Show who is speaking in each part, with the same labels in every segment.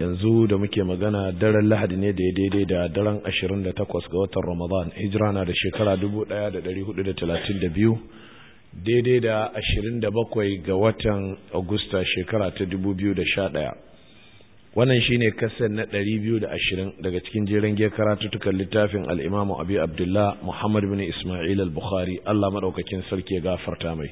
Speaker 1: yanzu da muke magana daren lahadi ne da ya daidai da daren 28 ga watan ramadan hijira na da shekara 1432 daidai da 27 ga watan agusta shekara ta 2011 wannan shine kasar na 220 daga cikin jerin giyar karatuttukan littafin al'imamu abi abdullah muhammad bin ismail al-bukhari allah maɗaukakin sarki ya gafarta mai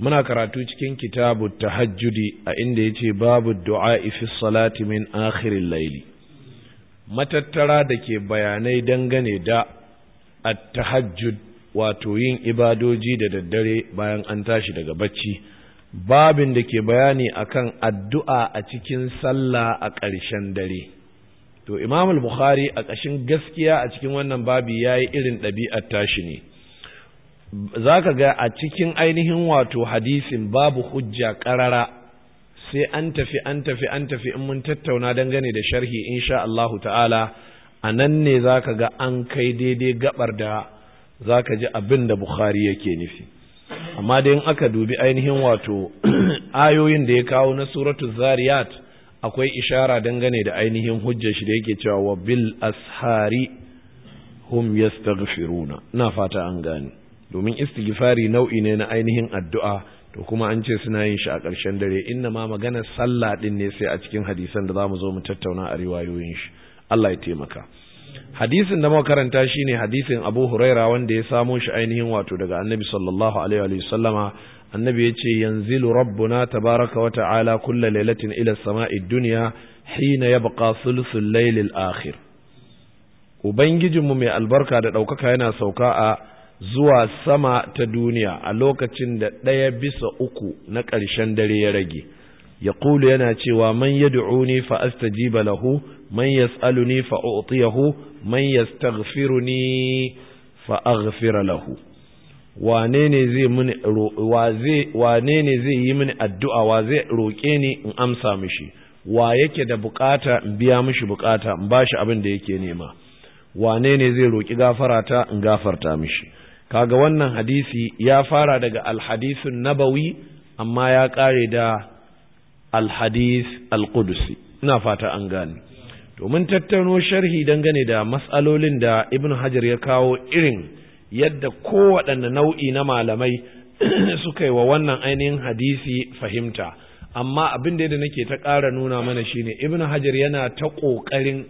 Speaker 1: muna karatu cikin kitabu tahajjudi a inda yace babu du'a fi salati min akhirin laili matattara da ke bayanai dangane da at-tahajjud wato yin ibadoji da daddare bayan an tashi daga bacci babin da ke bayani akan addu'a a cikin sallah a ƙarshen dare to Imamul bukhari a ƙashin gaskiya a cikin wannan babi yayi irin ɗabi'ar tashi ne za ka ga a cikin ainihin wato hadisin babu hujja ƙarara sai an tafi an tafi an tafi in mun tattauna dangane da sharhi insha Allahu ta'ala a nan ne za ka ga an kai daidai gabar da za ka ji abin da Bukhari yake nufi amma da in aka dubi ainihin wato ayoyin da ya kawo na suratu zariyat akwai ishara dangane da ainihin hujjar shi da yake cewa wa bil ashari hum yastaghfiruna ina fata an gani domin istighfari nau'i ne na ainihin addu'a to kuma an ce suna yin shi a ƙarshen dare inna ma magana sallah din ne sai a cikin hadisan da zamu zo mu tattauna a riwayoyin shi Allah ya taimaka hadisin da muka karanta shine hadisin Abu Huraira wanda ya samo shi ainihin wato daga Annabi sallallahu alaihi wa sallama annabi ya ce yanzilu rabbuna tabaraka wa ta'ala kulla lailatin ila sama'i dunya hina yabqa sulsun al akhir ubangijinmu mai albarka da daukaka yana sauka a zuwa sama ta duniya a lokacin da ɗaya bisa uku na ƙarshen dare ya rage ya ƙulu yana cewa man ya du'uni fa astajiba lahu man ya ni fa u'tiyahu man ya fa aghfira lahu wane ne zai wane ne zai yi mini addu'a wa zai roƙe ni in amsa mishi wa yake da bukata in biya mishi bukata in bashi abin da yake nema wane ne zai roƙi gafarata in gafarta mishi kaga wannan hadisi ya fara daga alhadisun nabawi amma ya kare da alhadis alqudusi ina fata an gane to mun tattauno sharhi dangane da matsalolin da ibnu hajar ya kawo irin yadda kowaɗanne nau'i na malamai suka yi wa wannan ainihin hadisi fahimta amma abin da nake ta ƙara nuna mana shine ibnu hajar yana ta ƙoƙarin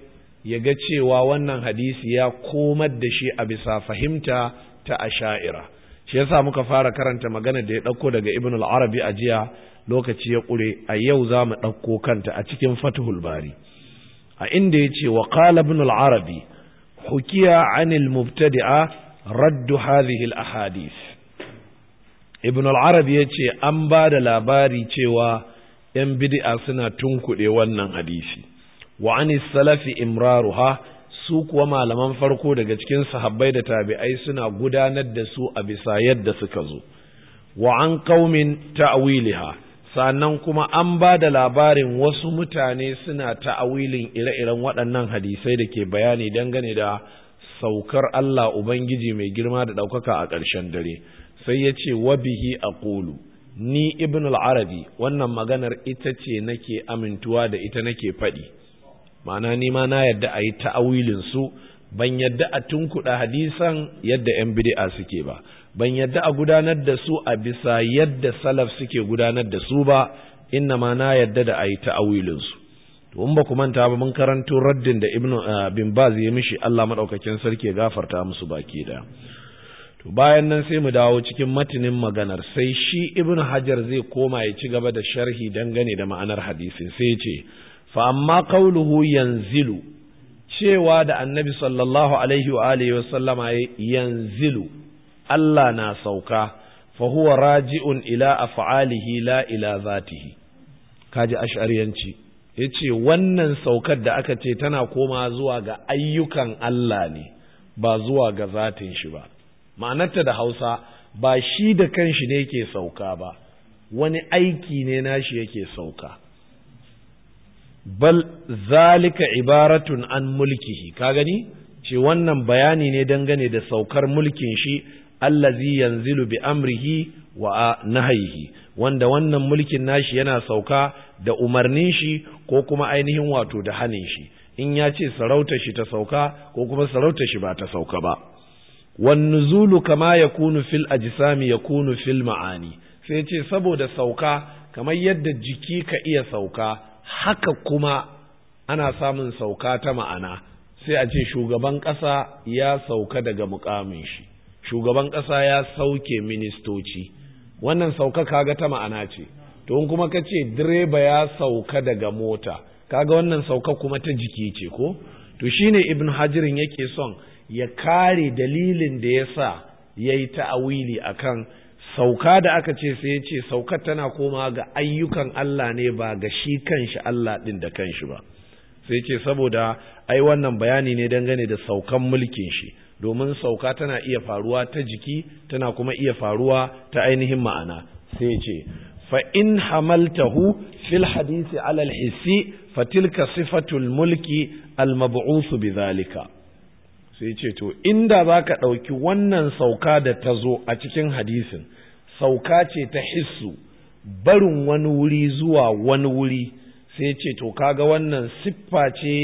Speaker 1: ya ga cewa wannan hadisi ya komar da shi a bisa fahimta ta asha'ira shi yasa muka fara karanta magana da ya dauko daga ibn al-arabi a jiya lokaci ya kure a yau za mu dauko kanta a cikin fathul bari a inda ya ce wa qala ibn al-arabi hukiya anil mubtadi'a raddu hadhihi al-ahadith ibn al-arabi ya ce an ba da labari cewa yan bid'a suna tunkude wannan hadisi wa anis salafi imraruha su kuwa malaman farko daga cikin sahabbai da tabi'ai suna gudanar da su a bisa yadda suka zo wa an kaumin ta'wiliha sannan kuma an ba da labarin wasu mutane suna ta'awilin ire-iren waɗannan hadisai da ke bayani dangane da saukar Allah Ubangiji mai girma da ɗaukaka a ƙarshen dare sai ya ce wa bihi a ƙulu ni ibn al-Arabi. wannan maganar ita ce nake amintuwa da ita nake faɗi ma'ana ni ma na yadda a yi ta'awilin su ban yadda a tunkuɗa hadisan yadda 'yan bid'a suke ba ban yadda a gudanar da su a bisa yadda salaf suke gudanar da su ba inna ma na yadda da a yi ta'awilin su to in ba ku manta ba mun karanto raddin da ibnu bin baz ya mishi Allah madaukakin sarki ya gafarta musu baki da to bayan nan sai mu dawo cikin matinin maganar sai shi ibnu hajar zai koma ya ci gaba da sharhi dangane da ma'anar hadisin sai ya ce fa amma qawluhu yanzilu cewa da annabi sallallahu alaihi wa alihi wa sallama yanzilu Allah na sauka fa huwa raji'un ila af'alihi la ila zatihi kaji ash'ariyanci yace wannan saukar da aka ce tana koma zuwa ga ayyukan Allah ne ba zuwa ga zatin shi ba ma'anarta da Hausa ba shi da kanshi ne yake sauka ba wani aiki ne nashi yake sauka bal zalika ibaratun an mulkihi ka gani ce wannan bayani ne dangane da saukar mulkin shi allazi yanzilu bi amrihi wa nahayihi wanda wannan mulkin nashi yana sauka da umarnin shi ko kuma ainihin wato da hanin shi in ya ce sarauta shi ta sauka ko kuma sarauta shi ba ta sauka ba wan zulu kama ya kunu fil ya kunu fil ma'ani sai ce saboda sauka kamar yadda jiki ka iya sauka haka kuma ana samun sauka ta ma'ana sai a ce shugaban ƙasa ya sauka daga mukamin shi shugaban ƙasa ya sauke ministoci wannan sauka kaga ta ma'ana ce to in kuma ka ce direba ya sauka daga mota kaga wannan sauka kuma ta jiki ce ko to shine ibn hajirin yake son ya kare dalilin da ya sa ya yi ta'awili akan sauka da aka ce sai ya ce saukar tana koma ga ayyukan Allah ne ba ga shi kanshi Allah ɗin da kanshi ba sai ce saboda ai wannan bayani ne dangane da saukan mulkin shi domin sauka tana iya faruwa ta jiki tana kuma iya faruwa ta ainihin ma'ana sai ce fa in hamaltahu fil hadisi ala hissi fa tilka sifatul mulki al mab'uth bidhalika sai ce to inda zaka ka ɗauki wannan sauka da tazo a cikin hadisin sauka ce ta hissu barin wani wuri zuwa wani wuri sai ce to kaga wannan siffa ce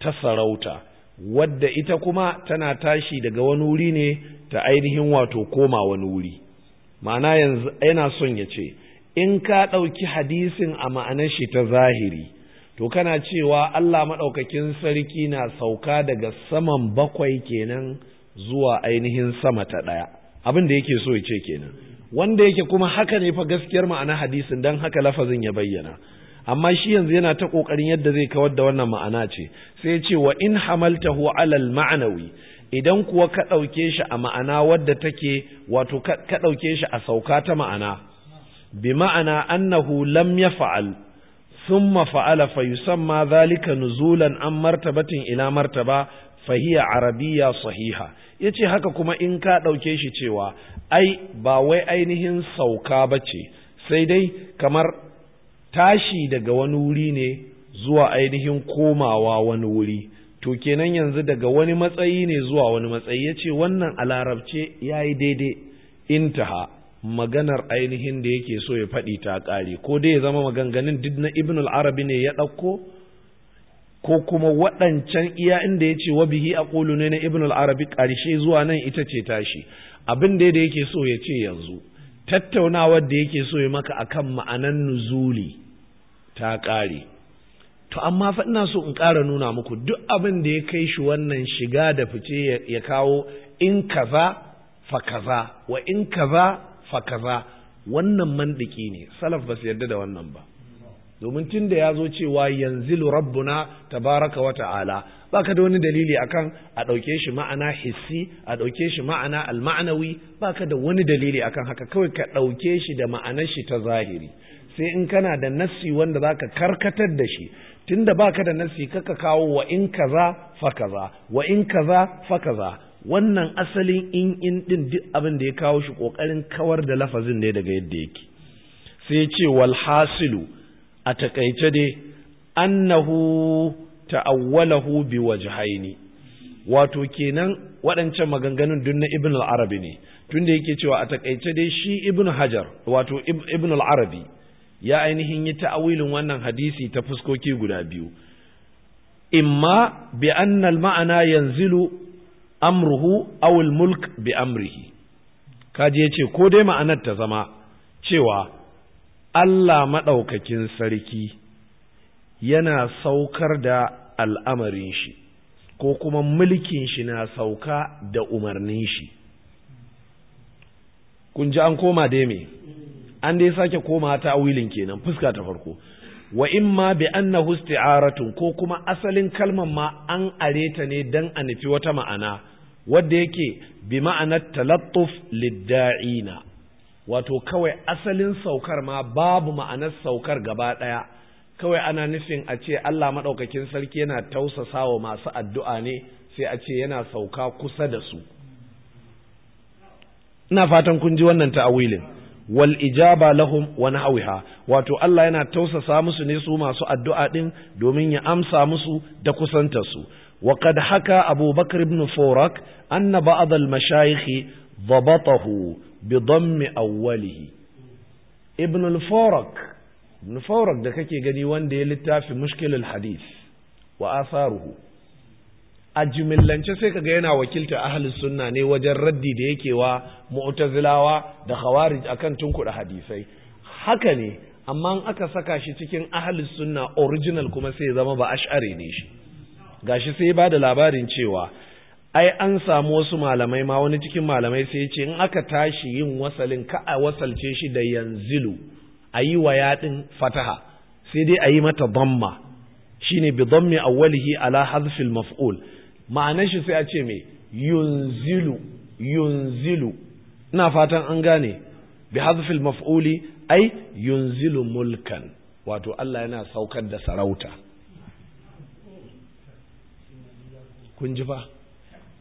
Speaker 1: ta sarauta wadda ita kuma tana tashi daga wani wuri ne ta ainihin wato koma wani wuri ma'ana yanzu yana son ya ce in ka ɗauki hadisin a ma'anar shi ta zahiri to kana cewa Allah maɗaukakin sarki na sauka daga saman bakwai kenan zuwa ainihin sama ta ɗaya abin da yake so ya ce kenan wanda yake kuma haka ne fa gaskiyar ma'ana hadisin dan haka lafazin ya bayyana amma shi yanzu yana ta kokarin yadda zai kawar da wannan ma'ana ce sai ya ce wa in hamaltahu alal ma'anawi idan kuwa ka ɗauke shi a ma'ana wadda take wato ka ɗauke shi a sauka ta ma'ana bi ma'ana annahu lam ya fa'al thumma fa'ala fa yusamma zalika nuzulan an martabatin ila martaba fahiya arabiya sahiha yace haka kuma in ka ɗauke shi cewa ai ba wai ainihin sauka ba ce sai dai kamar tashi daga wani wuri ne zuwa ainihin komawa wani wuri to kenan yanzu daga wani matsayi ne zuwa wani matsayi ya ce wannan a larabce ya yi daidai intaha maganar ainihin da yake so ya faɗi ta ƙare ko dai ya zama maganganun duk na ibn al-arabi ne ya ɗauko ko kuma waɗancan iya inda ya ce wabihi a ƙulu ne na ibn al-arabi ƙarshe zuwa nan ita ce tashi abin da da yake so ya ce yanzu tattaunawar da yake so ya maka akan ma'anan nuzuli ta ƙare to amma fa ina so in ƙara nuna muku duk abin da ya kai shi wannan shiga da fice ya kawo in kaza fa kaza wa in kaza fa kaza wannan mandiki ne salaf ba su yarda da wannan ba domin tun da ya zo cewa yanzu yanzilu rabbuna tabaraka wa ta'ala ka da wani dalili akan a ɗauke shi ma'ana hissi a ɗauke shi ma'ana alma'anawi ba ka da wani dalili akan haka kawai ka ɗauke shi da ma'anar shi ta zahiri sai in kana da nassi wanda za ka karkatar da shi tun da ba ka da nassi ka kawo wa in kaza fa kaza wa in kaza fa kaza wannan asalin in in din duk abin da ya kawo shi ƙoƙarin kawar da lafazin ne daga yadda yake sai ya ce walhasilu hasilu a takaice dai annahu ta'awwalahu biwajhaini wato kenan waɗancan maganganun dun na ibn al-arabi ne tunda yake cewa a takaice dai shi ibn hajar wato ibn al-arabi ya ainihin yi ta'awilin wannan hadisi ta fuskoki guda biyu imma bi anna al-ma'ana yanzilu amruhu aw al-mulk bi amrihi kaje yace ko dai ma'anar ta zama cewa Allah maɗaukakin sarki yana saukar da al'amarin shi ko kuma mulkin shi na sauka da umarnin shi kun ji an koma dai me an dai sake koma ta wilin kenan fuska ta farko wa imma bi annahu husti ko kuma asalin kalman ma an areta ne don a nufi wata ma'ana wadda yake bi ma'anar talattuf lidda'ina wato kawai asalin saukar ma babu ma'anar saukar gaba ɗaya kawai ana nufin a ce Allah maɗaukakin sarki yana tausasa wa masu addu'a ne sai a ce yana sauka kusa da su ina fatan kun ji wannan ta'awilin wal ijaba lahum wa nahwiha wato Allah yana tausasa musu ne su masu addu'a din domin ya amsa musu da kusantar su wa qad haka Abu Bakr ibn Furak anna ba'd al mashayikh dhabatahu bi dhammi awwalihi ibn al-farak ibn farak da kake gani wanda ya littafi mushkilul hadis wa atharuhu a jimillance sai kaga yana wakilta ahlus sunna ne wajen raddi da yake wa mu'tazilawa da khawarij kan tunkuda hadisai haka ne amma in aka saka shi cikin ahlus sunna original kuma sai ya zama ba ash'ari ne shi gashi sai ba da labarin cewa ai an samu wasu malamai ma wani cikin malamai sai ce in aka tashi yin wasalin ka a wasalce shi da yanzilu a yi wa yaɗin fataha sai dai a yi mata damma shine bi dammi awwalihi ala hadfil maf'ul ma'anar shi sai a ce me yunzilu yunzilu ina fatan an gane bi hadfil maf'uli ai yunzilu mulkan wato Allah yana saukar da sarauta kun ji ba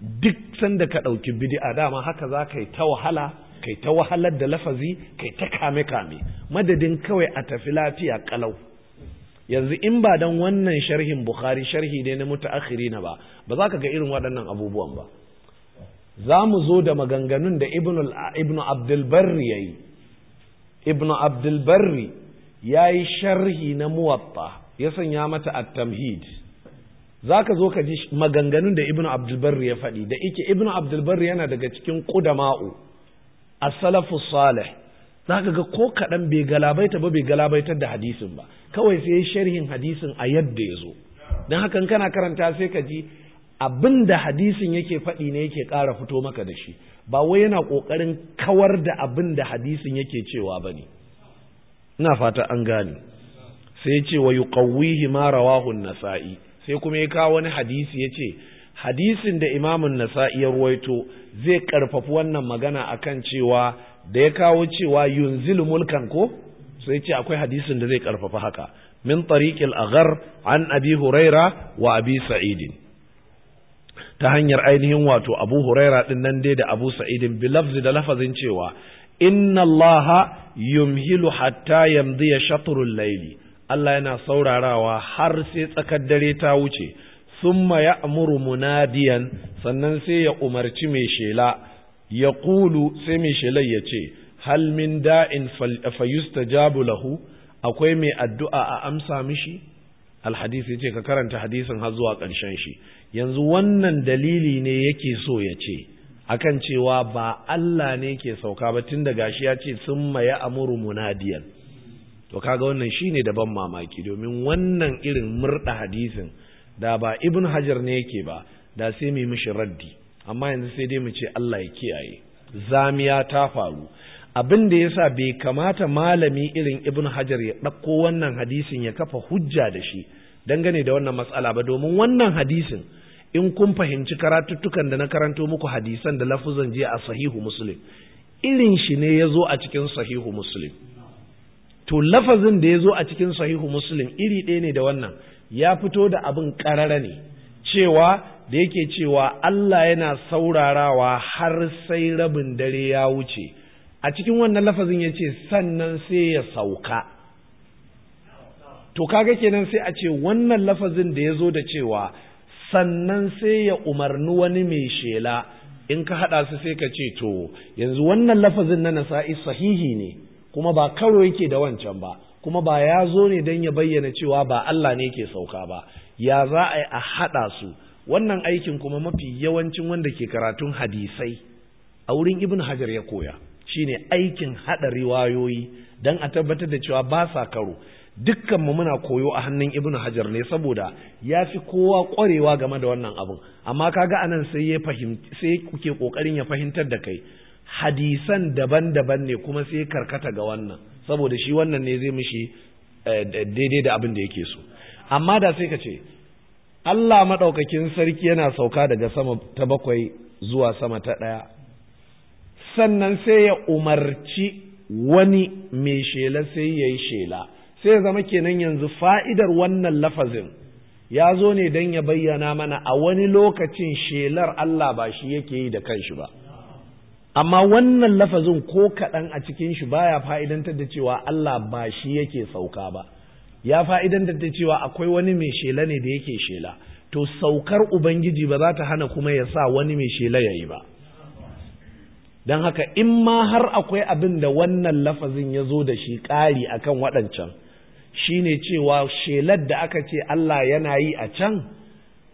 Speaker 1: duk sanda ka ɗauki bidi'a dama haka za ka yi ta wahala kai ta wahalar da lafazi kai ta kame kame madadin kawai a tafi lafiya kalau yanzu in ba dan wannan sharhin bukhari sharhi ne na na ba ba za ka ga irin waɗannan abubuwan ba za mu zo da maganganun da ibnu abdulbarri ya yi ibnu abdulbarri ya yi sharhi na muwatta ya sanya mata at-tamhid za ka zo ka ji maganganun da ibn abdulbarri ya faɗi da ike ibn abdulbarri yana daga cikin ƙudama'u a salafu salih za ka ga ko kaɗan bai galabaita ba bai galabaitar da hadisin ba kawai sai ya sharhin hadisin a yadda ya zo don hakan kana karanta sai ka ji abin da hadisin yake faɗi ne yake ƙara fito maka da shi ba wai yana ƙoƙarin kawar da abin da hadisin yake cewa ba ne ina fata an gane sai ya ce wa yuqawwihi ma rawahu an-nasa'i sai kuma ya kawo wani hadisi ya ce hadisin da imamun nasa'i ya ruwaito zai karfafi wannan magana akan cewa da ya kawo cewa yunzilu mulkan ko sai ce akwai hadisin da zai karfafa haka min tariqil aghar an abi huraira wa abi sa'id ta hanyar ainihin wato abu huraira ɗin nan dai da abu sa'id bi lafzi da lafazin cewa inna allaha yumhilu hatta yamdiya shatrul layli Allah yana saurarawa har sai tsakar dare ta wuce summa amuru munadiyan sannan sai ya umarci mai shela ya kulu sai mai shelar ya ce hal min da'in jabu lahu akwai mai addu'a a amsa mishi alhadisi ce ka karanta hadisin har zuwa ƙarshen shi yanzu wannan dalili ne yake so ya ce akan cewa ba Allah ne ke sauka ba tun da gashi ya ce sun maya amuru munadiyan to kaga wannan shine da ban mamaki domin wannan irin murda hadisin da ba ibn hajar ne yake ba da sai mu mishi raddi amma yanzu sai dai mu ce Allah ya kiyaye zamiya ta faru abin da yasa bai kamata malami irin ibn hajar ya dauko wannan hadisin ya kafa hujja da shi dangane da wannan matsala ba domin wannan hadisin in kun fahimci karatuttukan da na karanto muku hadisan da lafuzan jiya a sahihu muslim irin shi ne ya zo a cikin sahihu muslim to lafazin da ya zo a cikin sahihu muslim iri ɗaya ne da wannan ya fito da abin ƙarara ne cewa da yake cewa Allah yana saurarawa har sai rabin dare ya wuce a cikin wannan lafazin ya ce sannan sai ya sauka to kaga kenan sai a ce wannan lafazin da ya zo da cewa sannan sai ya umarni wani mai shela in ka haɗa su sai ka ce to yanzu wannan lafazin na nasa'i sahihi ne kuma ba karo yake da wancan ba kuma ba ya zo ne don ya bayyana cewa ba Allah ne ke sauka ba ya za a yi a haɗa su wannan aikin kuma mafi yawancin wanda ke karatun hadisai a wurin ibn hajar ya koya shine aikin haɗa riwayoyi don a tabbatar da cewa ba sa karo dukkan mu muna koyo a hannun ibn hajar ne saboda ya fi kowa ƙwarewa game da wannan abin amma kaga anan sai ya fahimci sai kuke ƙoƙarin ya fahimtar da kai hadisan daban-daban ne kuma sai karkata ga wannan saboda shi wannan ne zai mishi eh, daidai da abin da yake so amma da sai ka ce Allah maɗaukakin sarki yana sauka daga sama ta bakwai zuwa sama ta ɗaya sannan sai ya umarci wani mai shela sai yayi shela sai ya zama kenan yanzu fa'idar wannan lafazin ya zo ne don ya bayyana mana a wani lokacin shelar Allah ba shi yake yi da kanshi ba amma wannan lafazin ko kaɗan a cikin shi baya fa'idantar da cewa Allah ba shi yake sauka ba ya fa'idantar da cewa akwai wani mai shela ne da yake shela to saukar ubangiji ba za ta hana kuma ya sa wani mai shela ya yi ba don haka in ma har akwai abin da wannan lafazin ya zo da shi ƙari akan waɗancan shine cewa shelar da aka ce Allah yana yi a can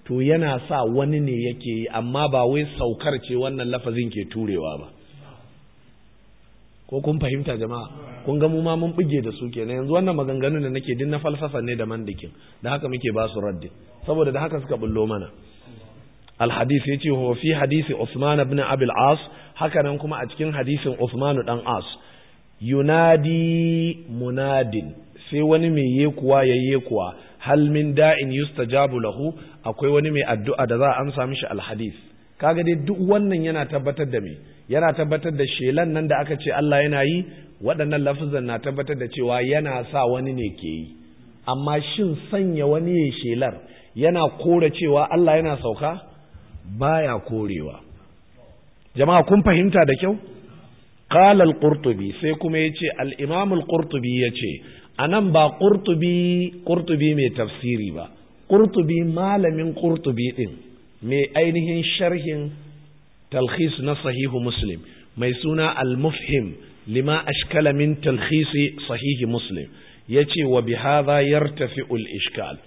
Speaker 1: to yana sa wani ne yake yi amma ba wai saukar ce wannan lafazin ke turewa ba ko kun fahimta jama'a kun ga mu ma mun buge da su kenan yanzu wannan maganganun da nake din na falsafa ne da mandikin da haka muke ba su raddi saboda da haka suka bullo mana alhadis yace huwa fi hadisi Usman ibn al As haka nan kuma a cikin hadisin Usman dan As yunadi munadin sai wani mai yekuwa ya yekuwa hal min da'in yustajabu lahu akwai wani mai addu'a da za a amsa mishi alhadis kaga dai duk wannan yana tabbatar da me yana tabbatar da shelan nan da aka ce Allah yana yi waɗannan lafazan na tabbatar da cewa yana sa wani ne ke yi amma shin sanya wani ya shelar yana kore cewa Allah yana sauka baya korewa jama'a kun fahimta da kyau qala al-qurtubi sai kuma yace al-imam al-qurtubi yace anan ba qurtubi qurtubi mai tafsiri ba kurtubi malamin ƙurtubi ɗin mai ainihin sharhin talhis na sahihu muslim mai suna al-mufhim lima ashkala min talhisi sahihi muslim yace wa bihadha yartafi'u ul ishkal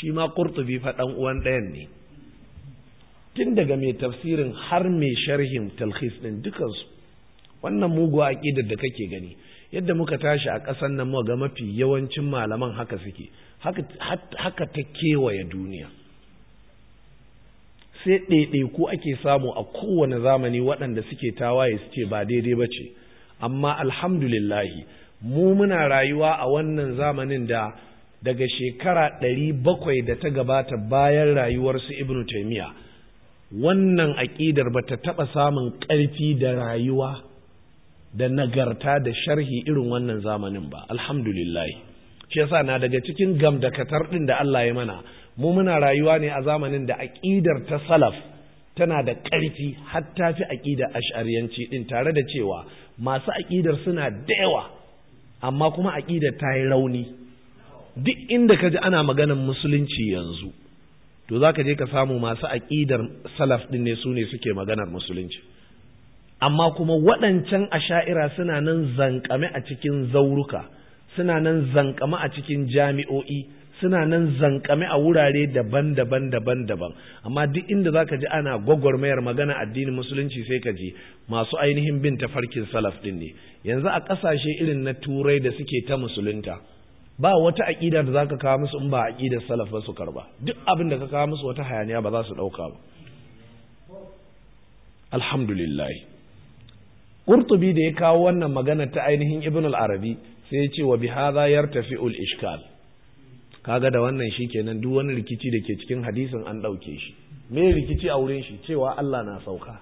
Speaker 1: shi ma ƙurtubi fa uwan ɗayan ne tun daga mai tafsirin har mai sharhin talhis ɗin dukansu wannan mugu aqidar da kake gani yadda muka tashi a ƙasar nan muka ga mafi yawancin malaman haka suke haka ta kewaye duniya sai ko ake samu a kowane zamani waɗanda suke tawaye suke ba daidai ba ce amma alhamdulillahi mu muna rayuwa a wannan zamanin da daga shekara ɗari bakwai da ta gabata bayan rayuwarsu ibnu taimiya wannan aƙidar ba ta taɓa samun ƙarfi da rayuwa da nagarta da sharhi irin wannan zamanin ba alhamdulillah shi yasa na daga cikin gamdakatar din da Allah ya mana mu muna rayuwa ne a zamanin da aqidar ta salaf tana da ƙarfi hatta fi aqidar ash'ariyanci din tare da cewa masu aqidar suna da yawa amma kuma aqidar ta yi rauni duk inda ka ji ana maganar musulunci yanzu to zaka je ka samu masu aqidar salaf din ne su ne suke maganar musulunci amma kuma waɗancan asha'ira suna nan zankame a cikin zauruka suna nan zankame a cikin jami'o'i suna nan zankame a wurare daban-daban daban-daban amma duk inda zaka ji ana gwagwarmayar magana addinin musulunci sai ka ji masu ainihin bin tafarkin salaf din ne yanzu a ƙasashe irin na turai da suke ta musulunta ba wata aƙida da zaka kawo musu in ba aƙidar salaf ba su karba duk abin da ka kawo musu wata hayaniya ba za su ɗauka ba alhamdulillah qurtubi da ya kawo wannan magana ta ainihin ibn al-arabi sai ya ce wa bihadha yartafi'ul ishkal kaga da wannan shikenan duk wani rikici da ke cikin hadisin an ɗauke shi me rikici a wurin shi cewa Allah na sauka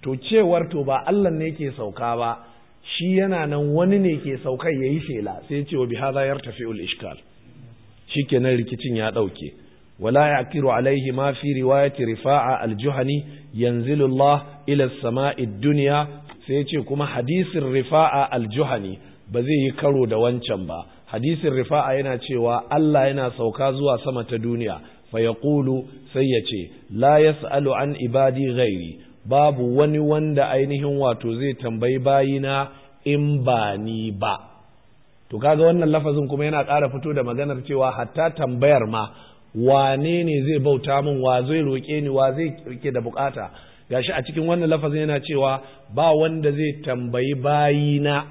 Speaker 1: to cewar to ba Allah ne ke sauka ba shi yana nan wani ne ke saukar yayi shela sai ya ce wa bihadha yartafi'ul ishkal shikenan rikicin ya ɗauke. wala yakiru alaihi ma fi riwayati rifa'a al-juhani yanzilullah ila sama'i duniya sai ce kuma hadisin rifa'a Aljuhani ba zai yi karo da wancan ba hadisin rifa'a yana cewa Allah yana sauka zuwa sama ta duniya fa yaqulu sai ya ce la yas'alu an ibadi ghairi babu wani wanda ainihin wato zai tambayi bayina in ba ni ba to kaga wannan lafazin kuma yana ƙara fito da maganar cewa hatta tambayar ma wane ne zai bauta min wa zai roƙe ni wa zai rike da bukata gashi a cikin wannan lafazin yana cewa ba wanda zai tambayi bayina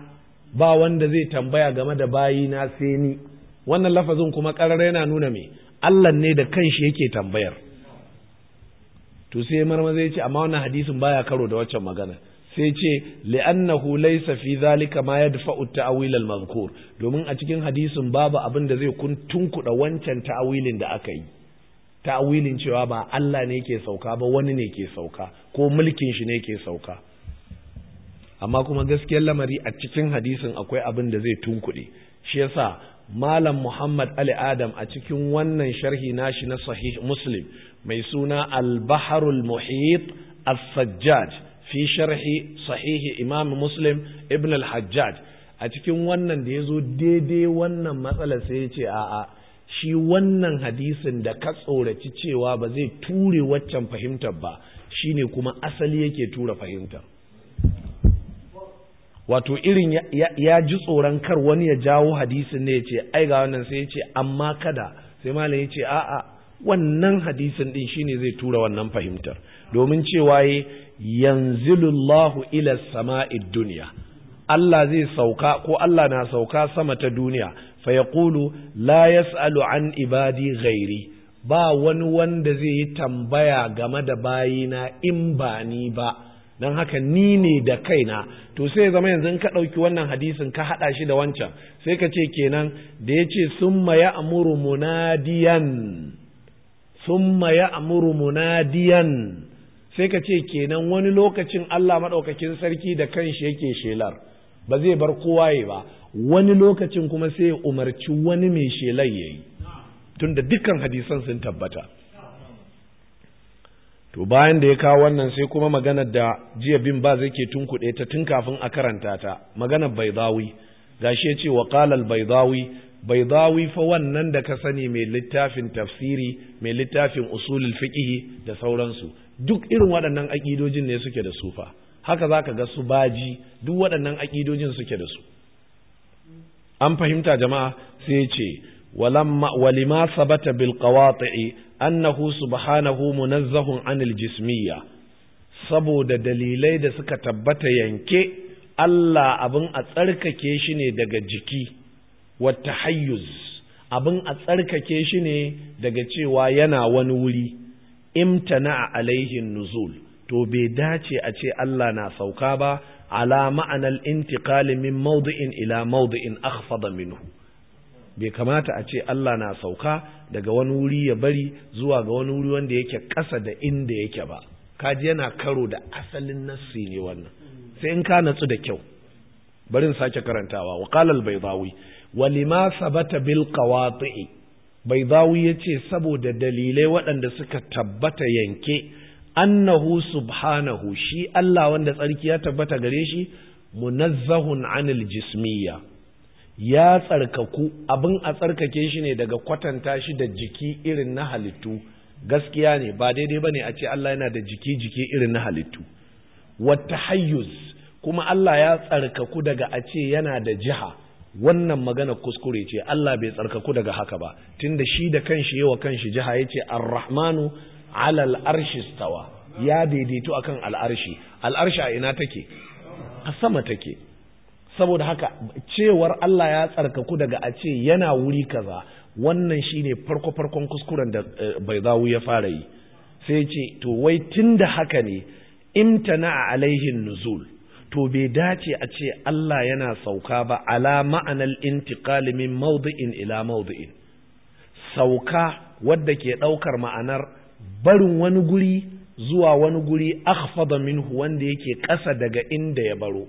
Speaker 1: ba wanda zai tambaya game da bayina sai ni wannan lafazin kuma karar yana nuna me Allah ne da kanshi yake tambayar to sai marmaza ya ce amma wannan hadisin baya karo da waccan magana sai ce li'annahu laysa fi zalika ma yadfa'u tawil al-mazkur domin a cikin hadisin babu abin da zai kun tunkuda wancan tawilin da aka yi ta'wilin cewa ba Allah ne ke sauka ba wani ne ke sauka ko mulkin shi ne ke sauka amma kuma gaskiyar lamari a cikin hadisin akwai abin da zai tunkuɗe shi yasa malam Muhammad Ali Adam a cikin wannan sharhi nashi na sahih Muslim mai suna al-baharul muhit as-sajjaj fi sharhi sahihi imam muslim ibn al-hajjaj a cikin wannan da ya zo daidai wannan matsalar sai ya ce a'a shi wannan hadisin da ka tsoraci cewa ba zai ture waccan fahimtar ba shine kuma asali yake tura fahimtar wato irin ya ji tsoron kar wani ya jawo hadisin ne ya ce ai ga wannan sai ya ce amma kada sai malam ya ce a'a wannan hadisin din shine zai tura wannan fahimtar domin cewa ya yanzilullahu ila sama'id duniya Allah zai sauka ko Allah na sauka sama ta duniya fa yaqulu la yas'alu an ibadi ghairi ba wani wanda zai yi tambaya game da bayina in ba ni ba don haka ni ne da kaina to sai zama yanzu ka ɗauki wannan hadisin ka haɗa shi da wancan sai ka ce kenan da ya ce summa ya munadiyan summa munadiyan sai ka ce kenan wani lokacin Allah maɗaukakin sarki da kanshi yake shelar ba zai bar kowa yi ba wani lokacin kuma sai ya umarci wani mai shelar ya yayi tunda dukkan hadisan sun tabbata to bayan da ya kawo wannan sai kuma maganar da jiya bin ba zai ke tunkuɗe ta tun kafin a karanta ta magana baidawi gashi ya ce wa qalal baidawi baidawi fa wannan da ka sani mai littafin tafsiri mai littafin usulul fiqh da sauransu duk irin waɗannan aƙidojin ne suke da su haka za ka ga su baji duk waɗannan aƙidojin suke da su an fahimta jama'a sai ce walima sabata bil qawati'i annahu subhanahu munazzahun anil jismiyya saboda dalilai da suka tabbata yanke Allah abin a tsarkake shi ne daga jiki wata hayyuz abin a tsarkake shi ne daga cewa yana wani wuri imtana alaihin nuzul to bai dace a ce Allah na sauka ba ala ma'anar intiqali min mawdi'in ila mawdi'in akhfada minhu bai kamata a ce Allah na sauka daga wani wuri ya bari zuwa ga wani wuri wanda yake ƙasa da inda yake ba kaji yana karo da asalin nassi ne wannan sai in ka natsu da kyau barin sake karantawa wa qala al-baydawi wa lima sabata bil qawati'i baidawi ya ce saboda dalilai waɗanda suka tabbata yanke annahu subhanahu shi Allah wanda tsarki ya tabbata gare shi munazzahun anil jismiya ya tsarkaku abin a tsarkake shi ne daga kwatanta shi da jiki irin na halittu gaskiya ne ba daidai bane a ce Allah yana da jiki jiki irin na halittu wata hayyuz kuma Allah ya tsarkaku daga a ce yana da jiha wannan magana kuskure ce Allah bai tsarkaku daga haka ba tunda shi da kanshi yawa kanshi jiha yace ar-rahmanu alal arshi stawa ya daidaito akan al-arshi al a ina take a sama take saboda haka cewar Allah ya tsarkaku daga a ce yana wuri kaza wannan shine farko farkon kuskuren da eh, bai zawu ya fara yi sai ce to wai tunda haka ne imtana alaihin nuzul to bai dace a ce Allah yana sauka ba ala ma'anar intiqali min mawdi'in ila mawdi'in sauka wadda ke ɗaukar ma'anar barin wani guri zuwa wani guri akhfada minhu wanda yake ƙasa daga inda ya baro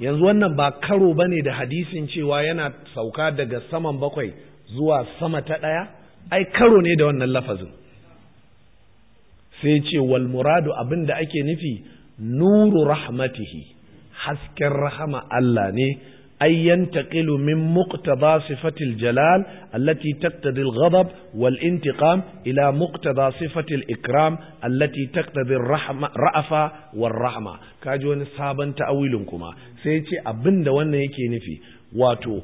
Speaker 1: yanzu wannan ba karo bane da hadisin cewa yana sauka daga saman bakwai zuwa sama ta ɗaya. ai karo ne da wannan lafazin sai ce wal muradu abinda ake nufi nuru rahmatihi hasken rahama Allah ne ay yantaqilu min muqtada sifatil jalal allati taqtadi al-ghadab wal-intiqam ila muqtada sifatil ikram allati taqtadi ar-rahma ra'afa war-rahma kaji wani sabon ta'awilin kuma sai ce abinda wannan yake nufi wato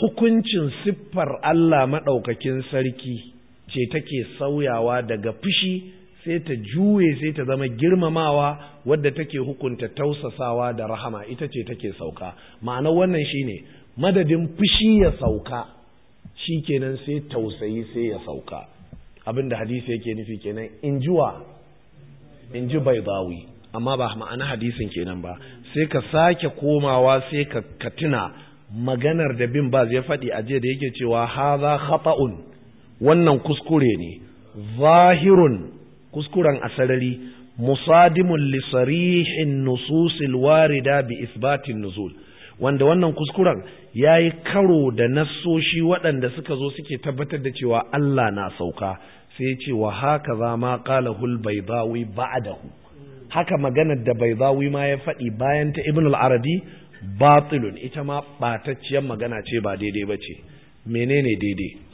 Speaker 1: hukuncin siffar Allah madaukakin sarki ce take sauyawa daga fushi sai ta juye sai ta zama girmamawa wadda take hukunta tausasawa da rahama ita ce take sauka ma'ana wannan shine madadin fushi ya sauka shi kenan sai tausayi sai ya sauka abinda hadisi yake nufi kenan in jiwa in ji baidawi amma ba ma'ana hadisin kenan ba sai ka sake komawa sai ka katina maganar da bin ba zai faɗi a jiya da yake cewa haza khata'un wannan kuskure ne zahirun kuskuren a sarari, musadimun li sarihin nususil warida bi isbatin nuzul wanda wannan kuskuren ya yi karo da nassoshi waɗanda suka zo suke tabbatar da cewa Allah na sauka sai ce wa haka za ma ƙala hul bai zawi ba'adahu haka maganar da bai zawi ma ya faɗi bayan ta ibn al-arabi batilun ita ma ɓatacciyar magana ce ba daidai ba ce menene daidai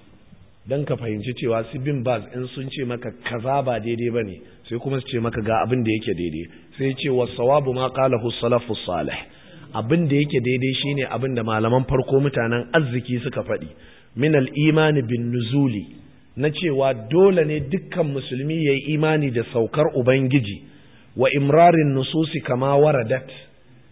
Speaker 1: don ka fahimci cewa su bin baz in sun ce maka kaza ba daidai ba ne sai kuma su ce maka ga abin da yake daidai sai ce wa sawabu ma kala salafus salih abin da yake daidai shine abin da malaman farko mutanen arziki suka faɗi min al imani bin nuzuli na cewa dole ne dukkan musulmi ya yi imani da saukar ubangiji wa imrarin nususi kama waradat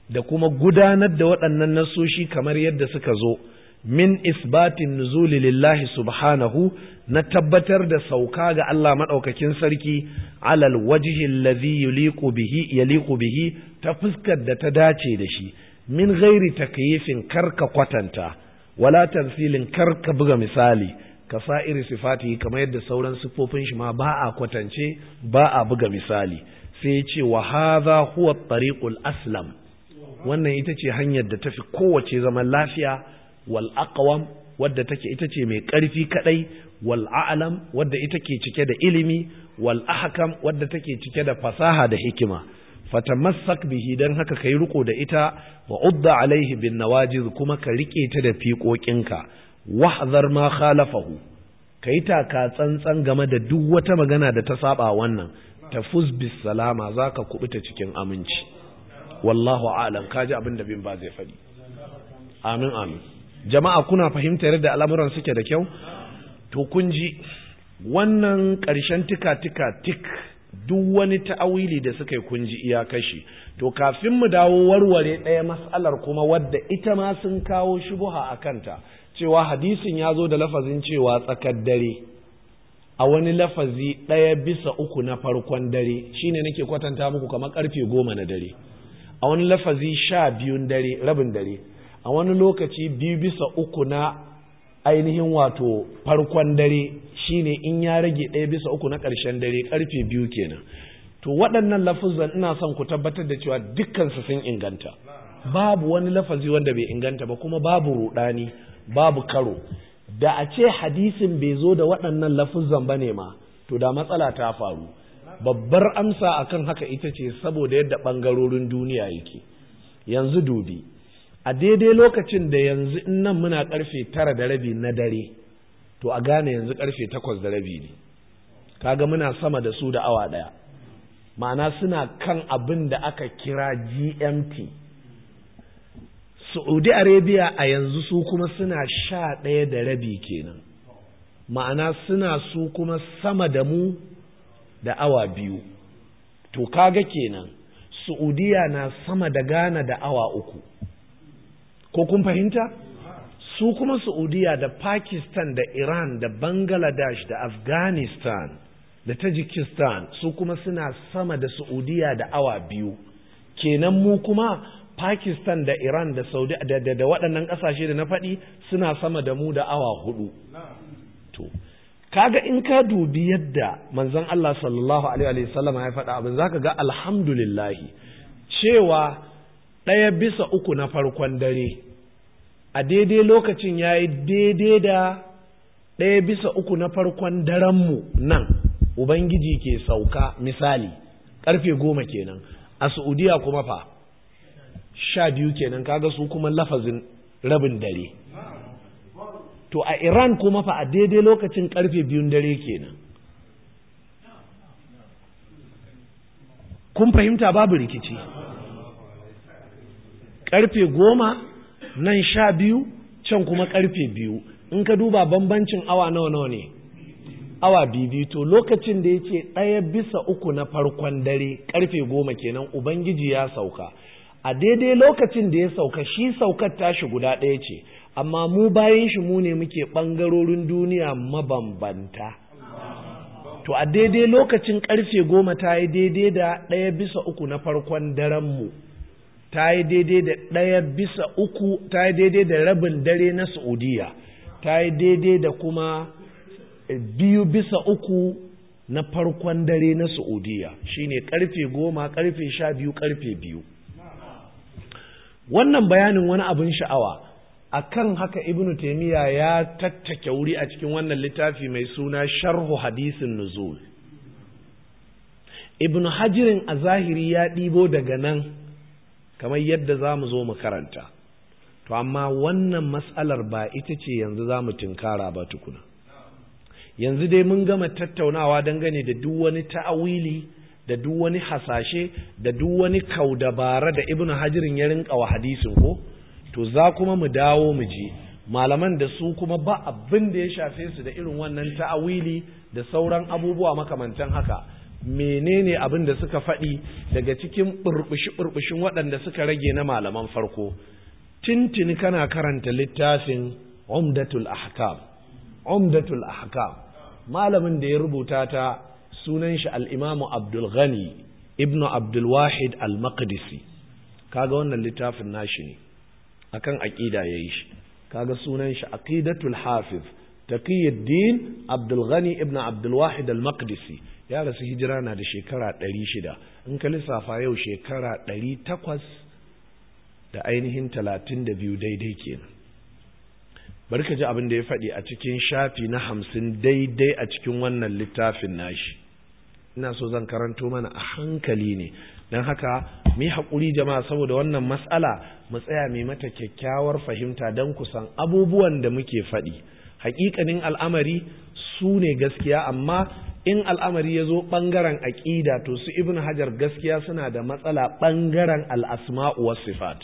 Speaker 1: da kuma gudanar da waɗannan nasoshi kamar yadda suka zo min isbatin nuzuli lillahi subhanahu na tabbatar da sauka ga Allah maɗaukakin sarki alal wajihin allazi yuliqu bihi yaliqu bihi ta fuskar da ta dace da shi min ghairi takyifin karka kwatanta wala kar karka buga misali ka sa'iri sifati kamar yadda sauran siffofin shi ma ba a kwatance ba a buga misali sai ya ce wa hadha huwa tariqul aslam wannan ita ce hanyar da tafi kowace zaman lafiya wal aqwam wadda take ita ce mai ƙarfi kaɗai. wal a'lam wadda ita ke cike da ilimi wal ahkam wadda take cike da fasaha da hikima fatamassak bihi dan haka kai riko da ita wa udda alaihi bin nawajiz kuma ka rike ta da fiƙoƙinka wahzar ma khalafahu kai taka tsantsan game da duk wata magana da ta saba wannan tafuz bis salama zaka kubuta cikin aminci wallahu a'lam kaji abin da bin ba zai faɗi amin amin jama'a kuna fahimtar yadda al'amuran suke da kyau to kun ji wannan ƙarshen tika-tika tik duk wani ta'awili da suka yi kunji iya kashi to kafin mu dawo warware ɗaya matsalar kuma wadda ita ma sun kawo shubuha a kanta cewa hadisin ya zo da lafazin cewa tsakar dare a wani lafazi ɗaya bisa uku na farkon dare shine nake kwatanta muku kamar karfe goma na dare a wani lafazi sha biyun dare rabin dare a wani lokaci biyu bisa uku na ainihin wato farkon dare shine in ya rage ɗaya bisa uku na ƙarshen dare ƙarfe biyu kenan to waɗannan lafuzan ina son ku tabbatar da cewa dukkansu sun inganta babu wani lafazi wanda bai inganta ba kuma babu ruɗani babu karo da a ce hadisin bai zo da waɗannan lafuzan ba ne ma to da matsala ta faru babbar amsa akan haka ita ce saboda yadda ɓangarorin duniya yake yanzu dubi a daidai lokacin da yanzu in nan muna karfe tara da rabi na dare to a gane yanzu karfe takwas da rabi ne kaga muna sama da su da awa ɗaya ma'ana suna kan abin da aka kira gmt saudi arabia a yanzu su kuma suna sha ɗaya da rabi kenan ma'ana suna su kuma sama da mu da awa biyu to kaga kenan saudiya na sama da ghana da awa uku ko kun fahimta su kuma saudiya da pakistan da iran da bangladesh da afghanistan da tajikistan su kuma suna sama da saudiya da awa biyu kenan mu kuma pakistan da iran da saudi da, da, waɗannan ƙasashe da na faɗi suna sama da mu da awa hudu to kaga in ka dubi yadda manzon Allah sallallahu alaihi wasallam ya faɗa abin zaka ga alhamdulillahi cewa ɗaya bisa uku na farkon dare a daidai lokacin ya yi daidai da ɗaya bisa uku na farkon darenmu nan ubangiji ke sauka misali ƙarfe goma kenan a saudiya kuma fa sha biyu kenan kaga su kuma lafazin rabin dare to a iran kuma fa a daidai lokacin ƙarfe biyun dare kenan kun fahimta babu rikici karfe goma nan sha biyu can kuma karfe biyu in ka duba bambancin awa nawa nawa ne awa biyu to lokacin da ya ce ɗaya bisa uku na farkon dare karfe goma kenan ubangiji ya sauka a daidai lokacin da ya sauka shi saukar tashi guda ɗaya ce amma mu bayan shi mu ne muke ɓangarorin duniya mabambanta to a daidai lokacin karfe goma ta yi daidai da ɗaya bisa uku na farkon daren mu ta yi daidai da ɗaya bisa uku ta yi daidai da rabin dare na saudiya ta yi daidai da kuma biyu bisa uku na farkon dare na saudiya shine karfe goma karfe sha biyu karfe biyu wannan bayanin wani abin sha'awa akan haka ibnu taimiyya ya tattake wuri a cikin wannan littafi mai suna sharhu hadisin nuzul ibnu hajirin a zahiri ya ɗibo daga nan kamar yadda za mu zo mu karanta to amma wannan matsalar ba ita ce yanzu za mu tunkara ba tukuna yanzu dai mun gama tattaunawa dangane da duk wani ta'awili da duk wani hasashe da duk wani dabara da ibnu hajirin ya rinka wa hadisin ko to za kuma mu dawo mu je malaman da su kuma ba abin da ya shafe su da irin wannan ta'awili da sauran abubuwa makamantan haka menene abin da suka faɗi daga cikin burbushin waɗanda suka rage na malaman farko tintini kana karanta littafin umdatul ahkam umdatul ahkam malamin da ya rubuta ta sunan shi al-imamu abdul ghani ibnu abdul wahid al-maqdisi kaga wannan littafin nashi ne akan aqida yayi shi kaga sunan shi aqidatul hafiz taqiyuddin abdul ghani ibnu abdul wahid al-maqdisi ya rasu hijira na da shekara ɗari shida in ka lissafa yau shekara ɗari takwas da ainihin talatin da biyu daidai kenan bari ka ji abin da ya faɗi a cikin shafi na hamsin daidai a cikin wannan littafin nashi ina so zan karanto mana a hankali ne don haka mu haƙuri jama'a saboda wannan matsala mu tsaya mai mata kyakkyawar fahimta don kusan abubuwan da muke faɗi haƙiƙanin al'amari su ne gaskiya amma in al'amari ya zo ɓangaren aƙida to su ibn hajar gaskiya suna da matsala ɓangaren al'asma'u was sifat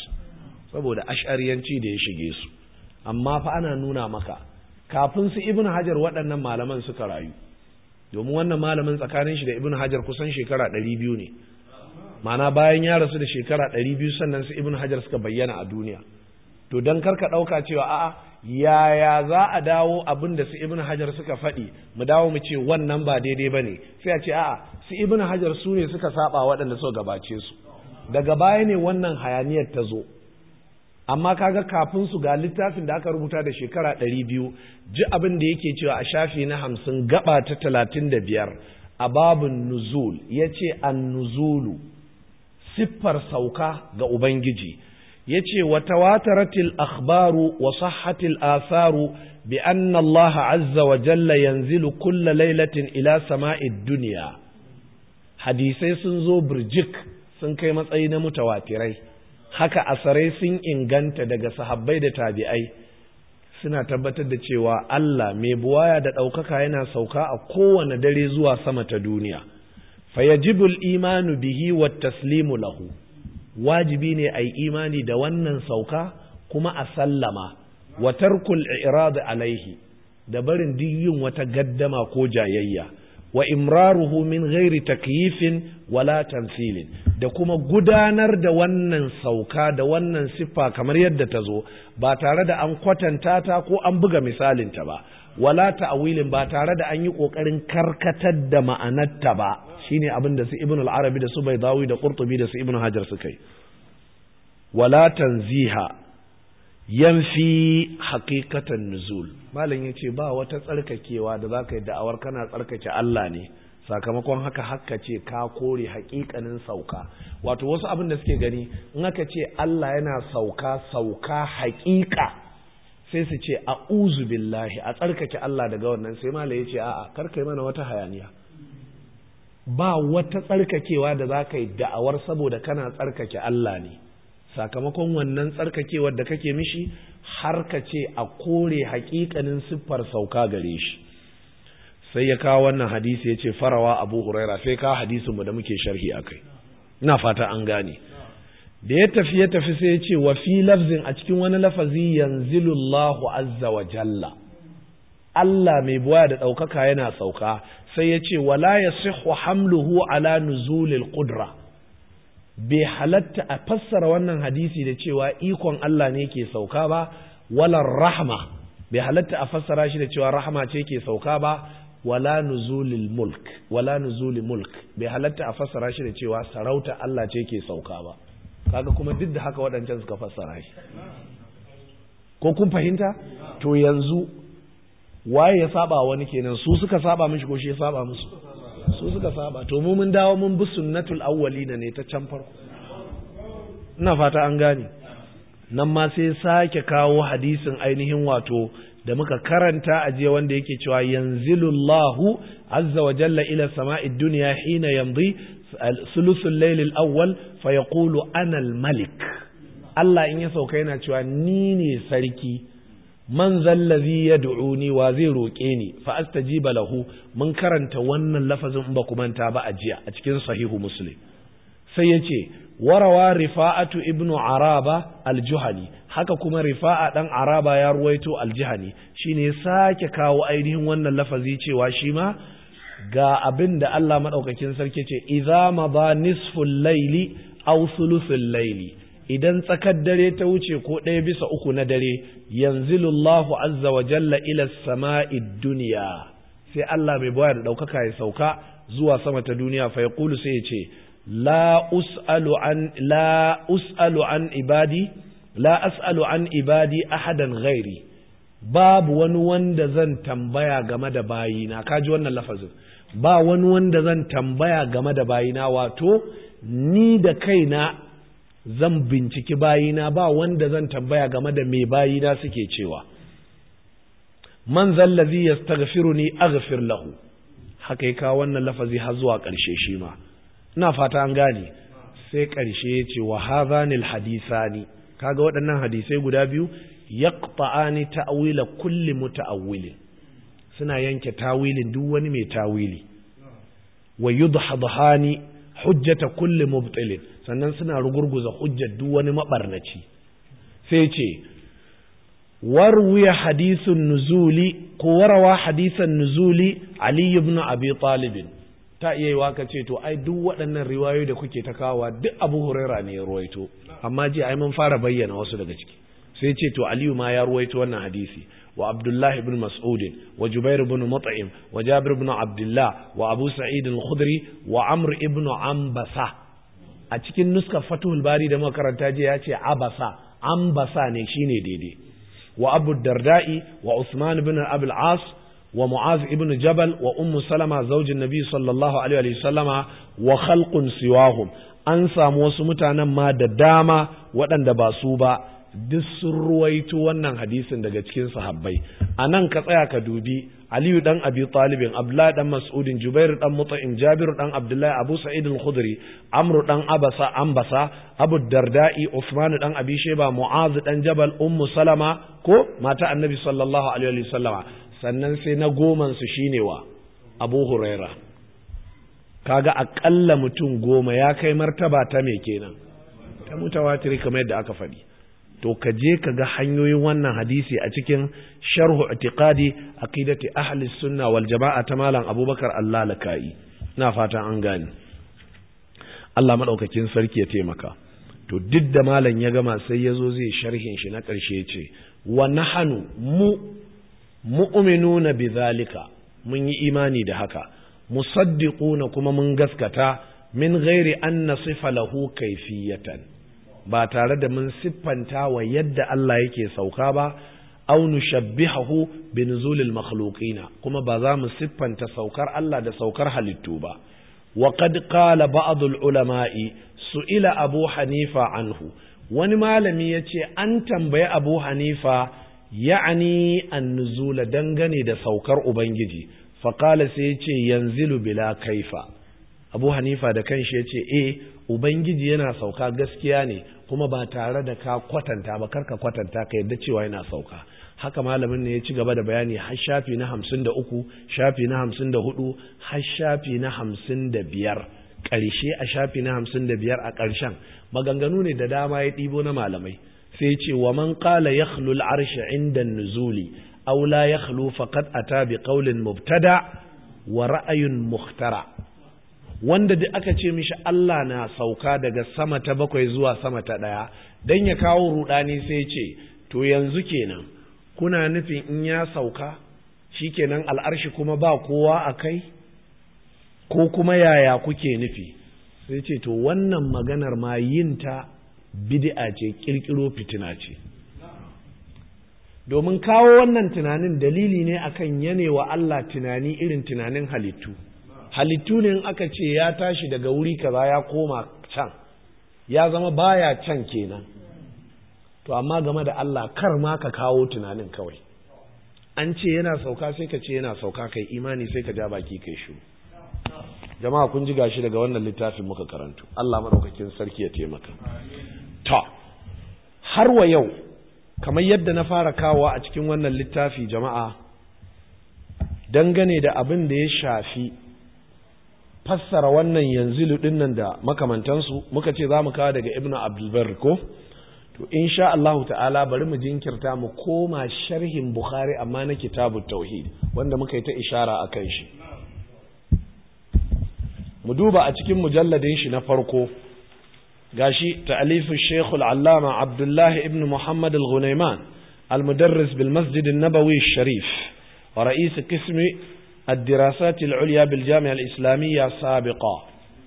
Speaker 1: saboda ash'ariyanci da ya shige su amma fa ana nuna maka kafin su ibn hajar waɗannan malaman suka rayu domin wannan malamin tsakanin shi da ibn hajar kusan shekara ɗari biyu ne mana bayan ya rasu da shekara ɗari biyu sannan su ibn hajar suka bayyana a duniya to don karka ɗauka cewa a'a yaya za a dawo abin da su ibn hajar suka faɗi mu dawo mu ce wannan ba daidai ba ne sai a ce a'a su ibn hajar su ne suka saba waɗanda suka gabace su daga baya ne wannan hayaniyar ta zo amma kaga kafin su ga littafin da aka rubuta da shekara ɗari biyu ji abin da yake cewa a shafi na hamsin gaba ta talatin da biyar a babin nuzul ya ce an nuzulu siffar sauka ga ubangiji yace wa tawataratil akhbaru wa sahhatil atharu bi anna Allah azza wa jalla yanzilu kulla lailatin ila sama'id dunya hadisai sun zo birjik sun kai matsayi na mutawatirai haka asarai sun inganta daga sahabbai da tabi'ai suna tabbatar da cewa Allah mai buwaya da ɗaukaka yana sauka a kowane dare zuwa sama ta duniya fayajibul imanu bihi wat taslimu lahu wajibi ne a yi imani da wannan sauka kuma a sallama wa tarkul i'rad alaihi da barin duk yin wata gaddama ko jayayya wa imraruhu min ghairi takyifin wala tamsilin da kuma gudanar da wannan sauka da wannan siffa kamar yadda ta zo ba tare da an kwatanta ta ko an buga misalin ta ba wala ta'awilin ba tare da an yi kokarin karkatar da ma'anarta ba shine abin da su ibn al-arabi da su baydawi da qurtubi da su ibn hajar suka yi wala tanziha yanfi haqiqatan nuzul malam yace ba wata tsarkakewa da zaka yi da'awar kana tsarkake Allah ne sakamakon haka hakka ce ka kore hakikanin sauka wato wasu abin da suke gani in aka ce Allah yana sauka sauka haƙiƙa sai su ce a uzu billahi a tsarkake Allah daga wannan sai mala ya ce a'a yi mana wata hayaniya ba wata tsarkakewa da za ka yi da'awar saboda kana tsarkake Allah ne sakamakon wannan tsarkakewar da kake mishi har ka ce a kore hakikanin siffar sauka gare shi sai ya kawo wannan hadisi ya ce farawa abu huraira sai ka mu da muke sharhi a kai ina fata an gane da ya tafi ya tafi sai ya ce wa fi lafzin a cikin wani lafazi yanzu azza wa jalla Allah mai buwa da ɗaukaka yana sauka sai ya ce wala yasihu hamluhu ala nuzulil qudra bai halatta a fassara wannan hadisi da cewa ikon Allah ne ke sauka ba wala rahma bai halatta a fassara shi da cewa rahma ce ke sauka ba wala nuzulil mulk wala nuzulil mulk bai halatta a fassara shi da cewa sarauta Allah ce ke sauka ba kaga kuma duk da haka waɗancan suka fassara shi ko kun fahimta to yanzu waye ya saba wani kenan su suka saba mishi ko shi ya saba musu su suka saba to mu mun dawo mun bi sunnatul awwalina ne ta can farko ina fata an gane nan ma sai sake kawo hadisin ainihin wato da muka karanta a jiya wanda yake cewa yanzilullahu azza wa jalla ila sama'id dunya hina yamdi sulusul lailil awwal fa yaqulu ana al malik Allah in ya sauka yana cewa ni ne sarki man ya yad'uni wa zai roƙe ni fa astajiba lahu mun karanta wannan lafazin in ba ba a jiya a cikin sahihu muslim sai yace warawa rifa'atu ibnu araba al-juhani haka kuma rifa'a dan araba ya ruwaito al-juhani shine sake kawo ainihin wannan lafazi cewa shi ma ga abin da Allah maɗaukakin sarki ce idza ba nisful laili aw thuluthul laili idan tsakar dare ta wuce ko ɗaya bisa uku na dare lullahu azza wa jalla ila samai dunya sai Allah mai bayar da ɗaukaka ya sauka zuwa sama ta duniya fa kulu sai ya ce la la us'alu an ibadi la as'alu an ibadi ahadan ghairi babu wani wanda zan tambaya game da bayina kaji wannan lafazin ba wani wanda zan tambaya game da bayina wato ni da kaina zan binciki bayina ba wanda zan tambaya game da mai bayina suke cewa man zallazi a gafir lahu haka ka wannan lafazi har zuwa ƙarshe shi ma ina fata an gane sai ƙarshe ya ce wa hadhanil hadisani kaga waɗannan hadisai guda biyu yaqta'ani ta'wila kulli muta'awwilin suna yanke tawilin duk wani mai tawili wa yudhadhani hujjata kulli mubtilin sannan suna rugurguza hujjar duk wani mabarnaci sai ce warwiya hadisun nuzuli ko warawa hadisan nuzuli ali ibn abi talib ta iya yi waka ce to ai duk waɗannan riwayoyi da kuke ta kawo duk abu huraira ne ya ruwaito amma ji ai mun fara bayyana wasu daga ciki sai ce to aliyu ma ya ruwaito wannan hadisi Wa وعبد الله بن مسعود وجبير بن مطعم وجابر بن عبد الله وابو سعيد wa وعمر بن عنبسة a cikin nuska fatuhul bari da makaranta ya ce abasa ambasa ne shine daidai wa abu darda'i wa usman ibn abul as wa mu'az ibn jabal wa ummu salama zaujin nabi sallallahu alaihi wa sallama wa khalqun siwahum an samu wasu mutanen ma da dama waɗanda ba su ba duk sun ruwaito wannan hadisin daga cikin sahabbai a nan ka tsaya ka dubi aliyu dan abi talibin abdullahi dan mas'udin jubairu dan muta'im jabiru dan abdullahi abu sa'id al-khudri amru dan abasa ambasa abu darda'i usman dan abi sheba mu'az dan jabal ummu salama ko mata annabi sallallahu alaihi wa sallama, sannan sai na goman su shine wa abu huraira kaga aƙalla mutum goma ya kai martaba ta me kenan ta mutawatir kamar yadda aka faɗi to ka je ka ga hanyoyin wannan hadisi a cikin sharhu i'tiqadi aqidati ahli sunna wal jama'a ta malam abubakar Allah laka'i na fatan an gane Allah madaukakin sarki ya taimaka to duk da malam ya gama sai ya zo zai sharhin shi na ƙarshe ce wa nahanu mu mu'minuna bidhalika mun yi imani da haka musaddiquna kuma mun gaskata min ghairi an nasifa lahu kayfiyatan ba tare da mun siffanta wa yadda Allah yake sauka ba aw nushabbihahu bi nuzulil makhluqina kuma ba za mu siffanta saukar Allah da saukar halittu ba wa qad qala ba'd al ulama'i su'ila abu hanifa anhu wani malami yace an tambaye abu hanifa ya'ani an-nuzula dangane da saukar ubangiji fa qala sai yace yanzilu bila kaifa abu hanifa da kanshi yace eh ubangiji yana sauka gaskiya ne kuma ba tare da ka kwatanta ba karka kwatanta ka yadda cewa yana sauka haka malamin ne ya ci gaba da bayani har shafi na hamsin da uku shafi na hamsin da hudu har shafi na hamsin da biyar ƙarshe a shafi na hamsin da biyar a ƙarshen maganganu ne da dama ya ɗibo na malamai sai ce wa man ƙala ya al-arsha inda nuzuli Aula ya yakhlu faqad a tabi qawlin mubtada wa ra'ayin muhtara wanda duk aka ce mishi Allah na sauka daga sama ta bakwai zuwa sama ta ɗaya don ya kawo rudani sai ce to yanzu kenan kuna nufin in ya sauka shi kenan al'arshi kuma ba kowa a kai ko kuma yaya kuke nufi sai ce to wannan maganar ma yin ta bidi'a ce kirkiro fitina ce domin kawo wannan tunanin dalili ne akan yanewa Allah tunani irin tunanin halittu halittu ne in aka ce ya tashi daga wuri kaza ya koma can ya zama baya can kenan to amma game da Allah kar ma ka kawo tunanin kawai an ce yana sauka sai ka ce yana sauka kai imani sai ka ja baki kai shiru jama'a kun ji gashi daga wannan littafin muka karantu Allah madaukakin sarki ya taimaka to har wa yau kamar yadda na fara kawo a cikin wannan littafi jama'a dangane da abin da ya shafi fassara wannan yanzu nan da makamantansu muka ce za mu kawo daga ibn abdulbar ko to insha Allahu ta'ala bari mu jinkirta mu koma sharhin bukhari amma na kitabut tauhid wanda muka yi ta ishara a kan shi mu duba a cikin mujalladin shi na farko gashi ta'alifu Sheikh allama Abdullah ibn Muhammad al-Ghunayman al-Mudarris bil Masjid an-Nabawi al-Sharif wa ra'is qismi الدراسات العليا بالجامعة الإسلامية سابقة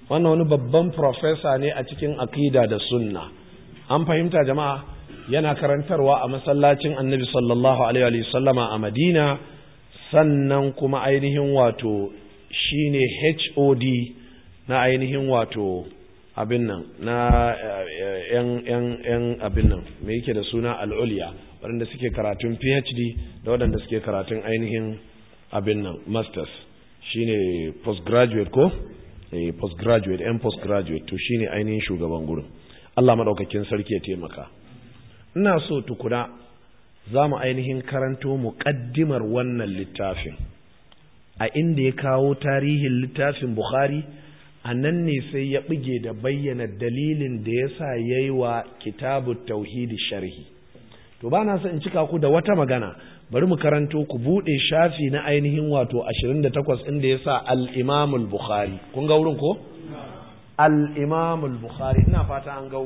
Speaker 1: wannan wani babban profesa ne a cikin aƙida da sunna an fahimta jama'a yana karantarwa a masallacin annabi sallallahu alaihi sallama a madina sannan kuma ainihin wato shine hod na ainihin wato abin nan na yan abin nan mai yake da suna al'uliya waɗanda suke karatun phd da waɗanda suke karatun ainihin abin nan masters shine postgraduate ko a eh, postgraduate and postgraduate to shine ainihin shugaban gurin Allah maɗaukakin sarki ya taimaka ina so tukuna za mu ainihin karanto mu ƙaddimar wannan littafin a inda ya kawo tarihin littafin Bukhari a nan ne sai ya ɓige da bayyana dalilin da ya sa ya yi wa kitabu tauhidi sharhi to ba na in cika ku da wata magana bari mu karanto ku buɗe shafi na ainihin wato 28 inda ya sa al'imamul bukhari kun ga wurin ko? al'imamul bukhari ina fata an ga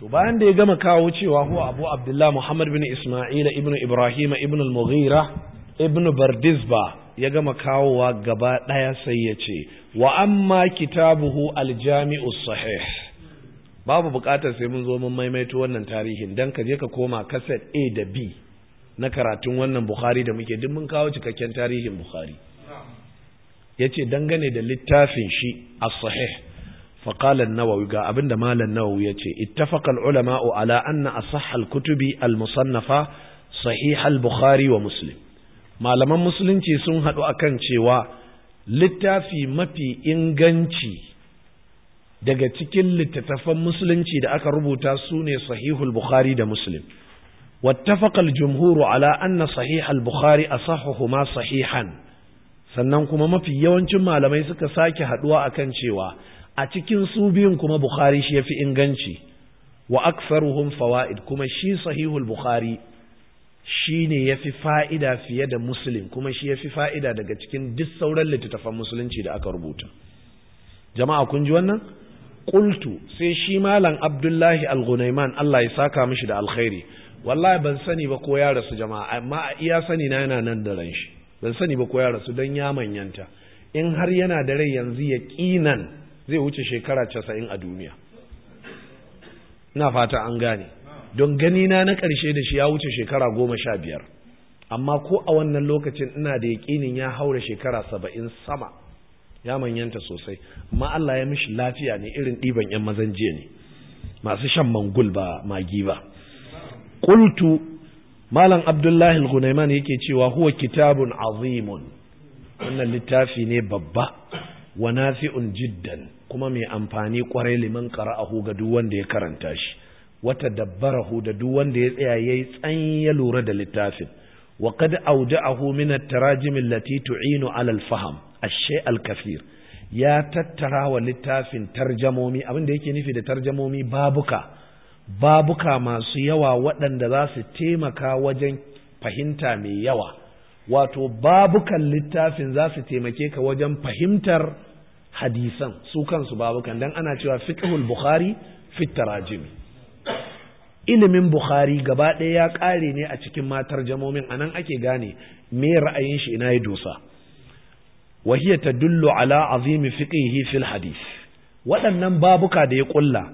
Speaker 1: to bayan da ya gama kawo cewa huwa abu abdullah muhammad bin isma'ila ibn ibrahim ibn al-mughira ibn bardizba ya gama kawowa gaba ɗaya sai ya ce wa amma kitabuhu al-jami'us sahih babu bukatar sai mun zo mun maimaito wannan tarihin dan ka je ka koma kaset A da B na karatun wannan Bukhari da muke duk mun kawo cikakken tarihin Bukhari yace dangane da littafin shi as-sahih fa qala an-nawawi ga abinda malam nawawi yace ittafaqa al-ulama'u ala anna asah al-kutubi al-musannafa sahih al-bukhari wa muslim malaman musulunci sun hadu akan cewa littafi mafi inganci daga cikin littattafan musulunci da aka rubuta su ne sahihul bukhari da muslim wattafaqa al-jumhur ala anna sahih al-bukhari asahuhuma sahihan sannan kuma mafi yawancin malamai suka sake haduwa akan cewa a cikin su biyun kuma bukhari shi yafi inganci wa aktharuhum fawaid kuma shi sahihul bukhari shi ne yafi fa'ida fiye da Muslim kuma shi yafi fa'ida daga cikin duk sauran littattafan musulunci da aka rubuta jama'a kun ji wannan qultu sai shi malam abdullahi al-ghunayman Allah ya saka mishi da alkhairi wallahi ban sani ba ko ya rasu jama'a amma iya sani na yana nan da ran shi ban sani ba ko ya rasu dan ya manyanta in har yana da rai yanzu ya kinan zai wuce shekara 90 a duniya ina fata an gane don gani na na ƙarshe da shi ya wuce shekara goma sha biyar amma ko a wannan lokacin ina da yaƙinin ya haura shekara saba'in sama ya manyanta sosai amma Allah ya mishi lafiya ne irin ɗiban ‘yan mazan jiya ne masu shan mangul ba magi ba ƙultu malam abdullahi al-gunaiman yake cewa huwa kitabun azimun wannan littafi ne babba wa nafi'un jiddan kuma mai amfani kwarai liman qara'ahu ga duk wanda ya karanta shi wata dabbarahu da duk wanda ya tsaya yayi tsanya lura da littafin wa qad awda'ahu min at-tarajim allati tu'inu 'ala al-fahm ashe Alkafir ya tattara wa littafin tarjamomi abin da yake nufi da tarjamomi babuka babuka masu yawa waɗanda za su taimaka wajen fahimta mai yawa wato babukan littafin za su taimake ka wajen fahimtar hadisan su kansu babukan dan ana cewa fiqhul bukhari fi tarajim ilimin bukhari gaba ɗaya ya ƙare ne a cikin matar jamomin anan ake gane me ra'ayin shi ina ya dosa wa ta tadullu ala azimi fiqhihi fil waɗannan babuka da ya ƙulla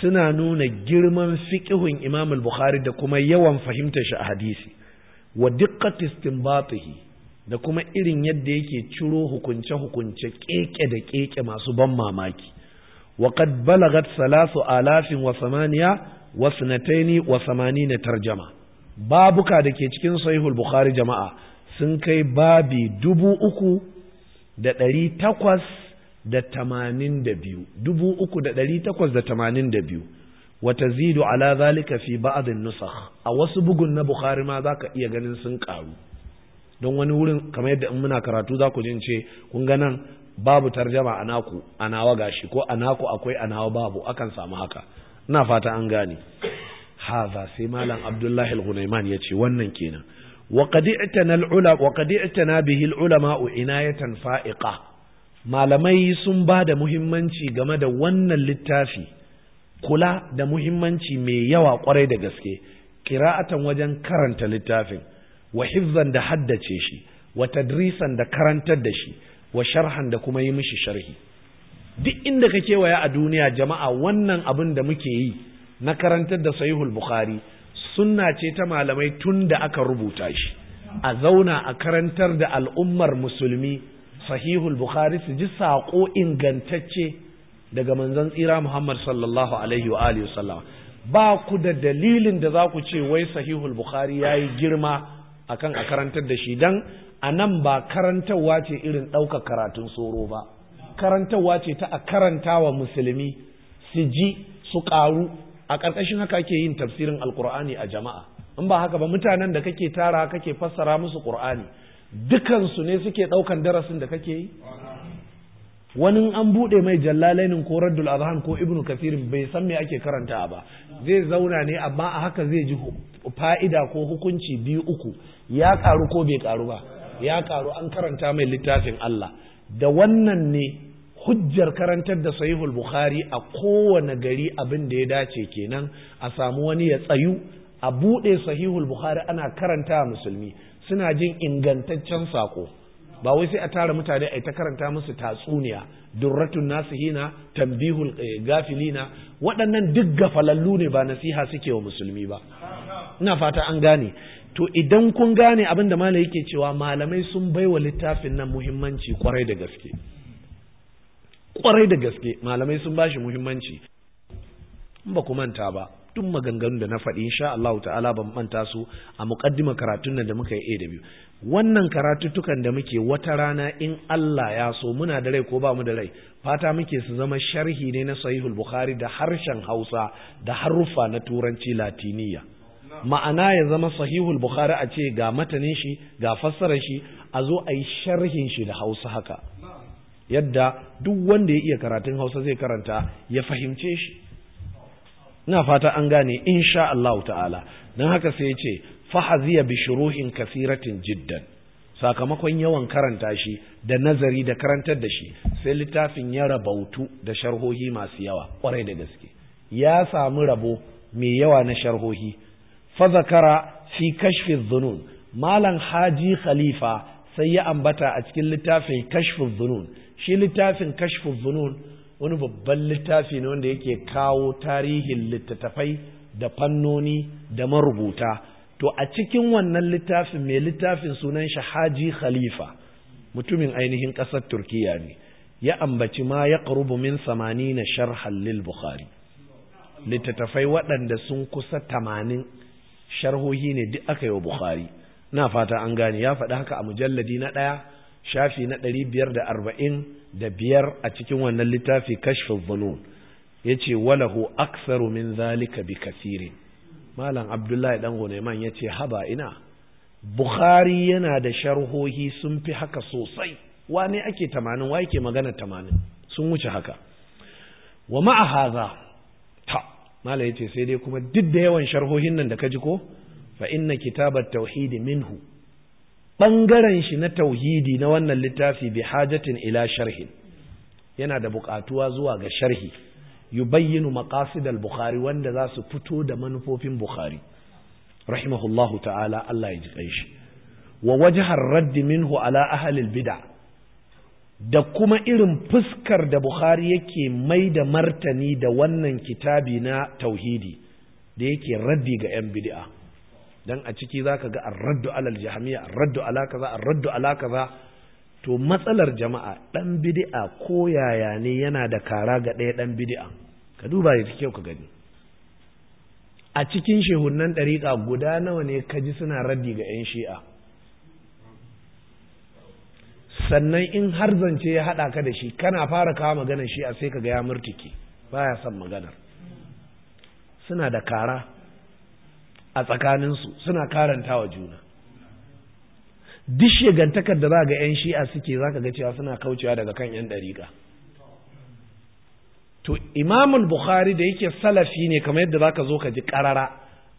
Speaker 1: suna nuna girman fiƙihun Imam al-Bukhari da kuma yawan fahimtar shi a hadisi wa diqqat istinbatihi da kuma irin yadda yake ciro hukunce hukunce keke da keke masu ban mamaki wa qad balagat salasu alafin wa samaniya wa sanataini wa samanina tarjama babuka da ke cikin sahihul bukhari jama'a sun kai babi dubu uku da ɗari takwas da tamanin da biyu dubu uku da ɗari takwas da tamanin da biyu wata zidu ala zalika fi ba'adin nusakh a wasu bugun na bukhari ma za ka iya ganin sun ƙaru don wani wurin kamar yadda in muna karatu za ku jin ce kun ga nan babu tarjama a naku a nawa gashi ko a naku akwai a nawa babu akan samu haka ina fata an gane haza sai malam abdullahi al ya ce wannan kenan وقد اعتنى العلماء وقد اعتنى به العلماء عناية فائقة malamai sun ba da muhimmanci game da wannan littafi kula da muhimmanci mai yawa kwarai da gaske kira'atan wajen karanta littafin wa hifzan da haddace shi wa tadrisan da karantar da shi wa sharhan da kuma yi mishi sharhi duk inda ka kewaya a duniya jama'a wannan abin da muke yi na karantar da sahihul bukhari sunna ce ta malamai tun da aka rubuta shi a zauna a karantar da al'ummar musulmi sahihul bukhari su ji saƙo ingantacce daga manzon tsira muhammad sallallahu alaihi wa alihi sallama ba ku da dalilin da za ku ce wai sahihul bukhari ya yi girma akan a karantar da shi dan a nan ba karantarwa ce irin ɗaukar karatun tsoro ba karantarwa ce ta a karanta wa musulmi su ji su ƙaru a ƙarƙashin haka ake yin tafsirin alƙur'ani a jama'a in ba haka ba mutanen da kake tara kake fassara musu ƙur'ani dukansu ne suke ɗaukan darasin da kake yi wani an buɗe mai jallalainin ko raddul azhan ko ibnu kafirin bai san me ake karanta ba zai zauna ne amma a haka zai ji fa'ida ko hukunci biyu uku ya karu ko bai karu ba ya karu an karanta mai littafin Allah da wannan ne hujjar karantar da sahihul bukhari a kowane gari abin da ya dace kenan a samu wani ya tsayu a buɗe sahihul bukhari ana karanta musulmi suna jin ingantaccen sako ba wai sai a tara mutane a ta karanta musu tatsuniya durratun nasihina tambihul eh, gafilina waɗannan duk gafalallu ne ba nasiha suke wa musulmi ba ina fata an gane to idan kun gane abin da malai yake cewa malamai sun baiwa littafin nan muhimmanci kwarai da gaske kwarai da gaske malamai sun bashi muhimmanci in ba ku manta ba duk maganganun da na faɗi insha Allah ta'ala ban manta su a muqaddima karatun nan da muka yi A da biyu wannan karatuttukan da muke wata rana in Allah ya so muna da rai ko ba mu da rai fata muke su zama sharhi ne na sahihul bukhari da harshen Hausa da haruffa na turanci latiniya ma'ana ya zama sahihul bukhari a ce ga matanin shi ga fassarar shi a zo a yi sharhin shi da Hausa haka yadda duk wanda ya iya karatun hausa zai karanta ya fahimce shi ina fata an gane insha Allah ta'ala don haka sai ya ce fahaziya bi shuruhin kasiratin jiddan sakamakon yawan karanta shi da nazari da karantar da shi sai littafin ya rabautu da sharhohi masu yawa kwarai da gaske ya samu rabo mai yawa na sharhohi fazakara zakara fi kashfi zunun. malam haji khalifa sai ya ambata a cikin littafin kashfi zunun. shi littafin kashfu zunun wani babban littafi ne wanda yake kawo tarihin littattafai da fannoni da marubuta to a cikin wannan littafin mai littafin sunan shi haji khalifa mutumin ainihin ƙasar turkiya ne ya ambaci ma ya ƙarubu min samani na sharhan lil bukhari littattafai waɗanda sun kusa tamanin sharhohi ne duk aka yi wa bukhari na fata an gane ya faɗi haka a mujalladi na ɗaya shafi na ɗari biyar da arba'in da biyar a cikin wannan littafi kashfin zunun ya ce walahu aksaru min zalika bi kasirin malam abdullahi dan gunaiman ya ce haba ina bukhari yana da sharhohi sun fi haka sosai wane ake tamanin wa ke magana tamanin sun wuce haka wa ma'a haza ta malam ya ce sai dai kuma duk da yawan sharhohin nan da ka ji ko fa inna kitabat tauhidi minhu ɓangaren shi na tauhidi na wannan littafi bi hajatin ila sharhin yana da buƙatuwa zuwa ga sharhi yubayyinu maqasid al-bukhari wanda za su fito da manufofin bukhari rahimahullahu ta'ala Allah ya ji shi wa wajahar raddi minhu ala ahli bida da kuma irin fuskar da bukhari yake mai da martani da wannan kitabi na tauhidi da yake raddi ga 'yan bid'a dan a ciki za ka ga an raddu alal jahmiya an raddu ala kaza an raddu ala kaza to matsalar jama'a dan bid'a ko yaya ne yana da kara ga ɗaya dan bid'a ka duba ya kyau ka gani a cikin shehunnan ɗariƙa guda nawa ne ka ji suna raddi ga 'yan shi'a sannan in har zance ya haɗa ka da shi kana fara kawo maganar shi'a sai ka ga ya murtike baya son maganar suna da kara a tsakaninsu suna karanta wa juna duk shegantakar da za ga 'yan shi'a suke za ka ga cewa suna kaucewa daga kan 'yan ɗariƙa to imamun bukhari da yake salafi ne kamar yadda za ka zo ka ji ƙarara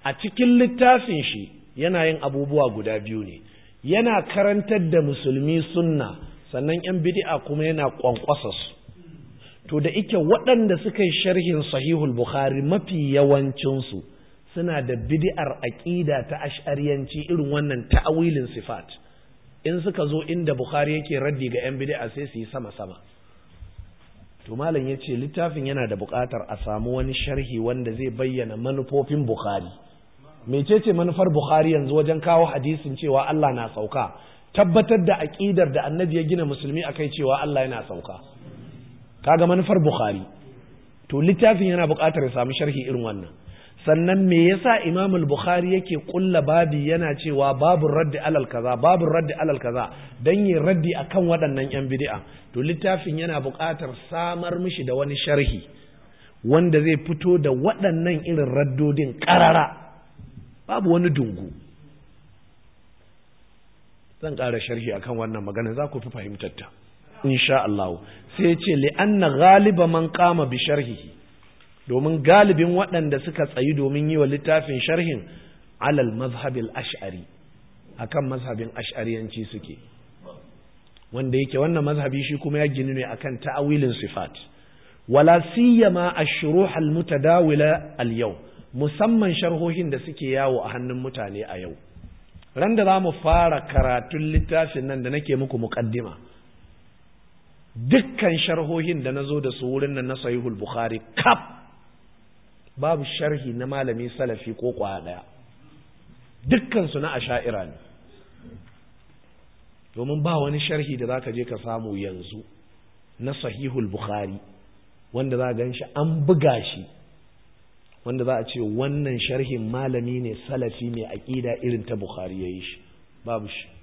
Speaker 1: a cikin littafin shi yana yin abubuwa guda biyu ne yana karantar da musulmi sunna sannan 'yan bidi'a kuma yana ƙwanƙwasa su to da ike waɗanda suka yi sharhin sahihul bukhari mafi yawancinsu suna da bidi'ar aqida ta ash'ariyanci irin wannan ta'awilin sifat in suka zo inda bukhari yake raddi ga yan bidi'a sai su yi sama sama to malam yace littafin yana da buƙatar a samu wani sharhi wanda zai bayyana manufofin bukhari mecece manufar bukhari yanzu wajen kawo hadisin cewa Allah na sauka tabbatar da aqidar da annabi ya gina musulmi akai cewa Allah yana sauka kaga manufar bukhari to littafin yana buƙatar ya samu sharhi irin wannan sannan me yasa Imam al-Bukhari yake kulla babi yana cewa babu raddi alal kaza babu raddi alal kaza dan yin raddi akan waɗannan yan bid'a to littafin yana buƙatar samar mishi da wani sharhi wanda zai fito da waɗannan irin raddodin ƙarara babu wani dungu zan ƙara sharhi akan wannan magana za ku fi fahimtar ta insha Allah sai ce li'anna ghaliba man qama bi sharhihi domin galibin waɗanda suka tsayi domin yi wa littafin sharhin alal mazhabil ash'ari akan mazhabin ash'ariyanci suke wanda yake wannan mazhabi shi kuma ya gini ne akan ta'awilin sifat wala siyama ash-shuruh mutadawila al yau. musamman sharhohin da suke yawo a hannun mutane a yau ran da za mu fara karatun littafin nan da nake muku muƙaddima dukkan sharhohin da na zo da su wurin nan na sahihul bukhari kaf babu sharhi na malami salafi ko kwaya daya dukkansu na asha'ira ne domin ba wani sharhi da za ka je ka samu yanzu na sahihul bukhari wanda za gan shi an buga shi wanda za a ce wannan sharhin malami ne salafi mai aƙida irin ta bukhari ya yi shi babu shi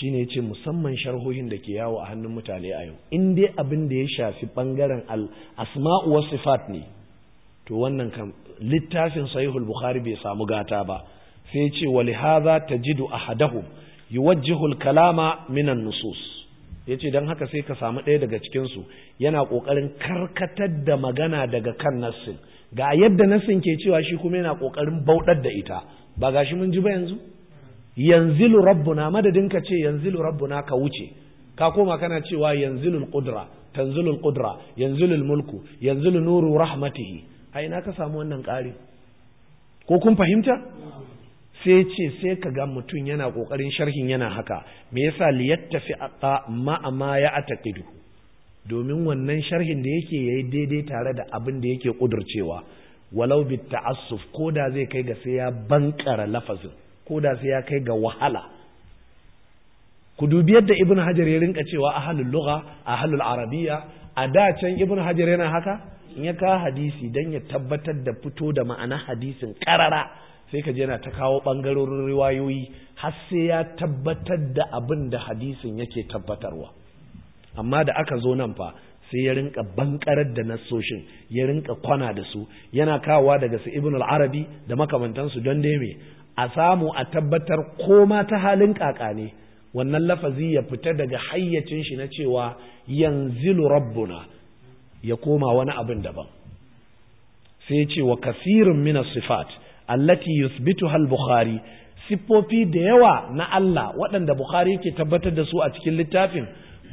Speaker 1: shine ce musamman sharhohin da ke yawo a hannun mutane a yau in dai abin da ya shafi ɓangaren al asma'u wasu sifat ne to wannan kan littafin sahihul bukhari bai samu gata ba sai ya yace wa lihadha tajidu hadahu? Yi kalama minan nusus yace dan haka sai ka samu ɗaya daga cikin su yana ƙoƙarin karkatar da magana daga kan nassin ga yadda nassin ke cewa shi kuma yana kokarin bauɗar da ita ba gashi mun ji ba yanzu yanzilu rabbuna madadin ka ce yanzilu rabbuna ka wuce ka koma kana cewa yanzilul qudra tanzilul qudra yanzilul mulku yanzilu nuru rahmatihi a ina ka samu wannan ƙari ko kun fahimta sai ce sai ka ga mutum yana ƙoƙarin sharhin yana haka me yasa liyattafi aqa ma ma ya ataqidu domin wannan sharhin da yake yayi daidai tare da abin da yake kudurcewa walau bit ta'assuf ko da zai kai ga sai ya bankara lafazin ko da sai ya kai ga wahala ku dubi yadda ibn hajar ya rinka cewa ahlul lugha ahlul arabiya a da can ibn hajar yana haka in ya ka hadisi dan ya tabbatar da fito da ma'ana hadisin karara sai ka je yana ta kawo bangarorin riwayoyi har sai ya tabbatar da abin da hadisin yake tabbatarwa amma da aka zo nan fa sai ya rinka bankarar da nassoshin ya rinka kwana da su yana kawowa daga su ibn al-arabi da makamantansu don dai me a samu a tabbatar koma ta halin kaka ne wannan lafazi ya fita daga hayyacin shi na cewa yanzilu rabbuna ya koma wani abin daban sai ce wa kasirin mina sifat allati yusbitu hal bukhari siffofi da yawa na Allah waɗanda bukhari yake tabbatar da su a cikin littafin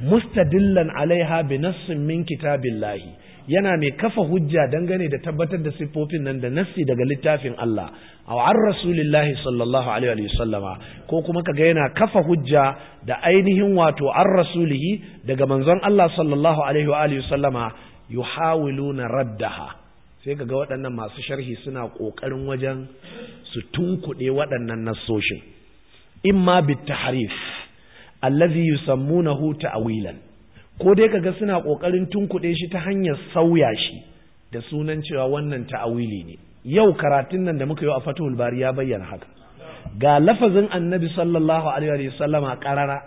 Speaker 1: mustadillan alaiha bi nassin min kitabillahi yana mai kafa hujja dangane da tabbatar da siffofin nan da nassi daga littafin Allah aw an rasulillahi sallallahu alaihi wa sallama ko kuma kaga yana kafa hujja da ainihin wato an rasulihi daga manzon Allah sallallahu alaihi wa alihi sallama yuhawiluna raddaha sai kaga waɗannan masu sharhi suna ƙoƙarin wajen su tunkuɗe waɗannan nassoshin imma bit tahrif allazi yusammunahu ta'wilan ko dai kaga suna kokarin tunkuɗe shi ta hanyar sauya shi da sunan cewa wannan ta'awili ne yau karatun nan da muka yi a fatul Bari ya bayyana haka ga lafazin Annabi sallallahu alaihi wa sallama qarara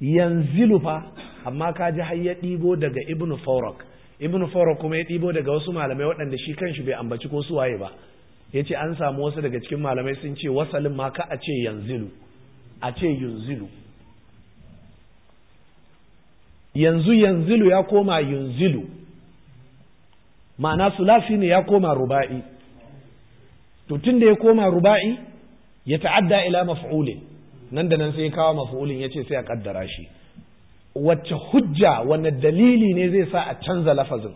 Speaker 1: yanzilu fa amma ka ji har ya ɗibo daga Ibn Fawrak Ibn Fawrak kuma ya ɗibo daga wasu malamai waɗanda shi kanshi bai ambaci ko su waye ba yace an samu wasu daga cikin malamai sun ce wasalin ma ka a ce yanzilu a ce yunzilu yanzu yanzilu ya koma yunzilu ma'ana sulasi ne ya koma ruba'i to tun da ya koma ruba'i ya ta'adda ila maf'ulin nan da nan sai ya kawo maf'ulin ya ce sai a kaddara shi wacce hujja wanne dalili ne zai sa a canza lafazin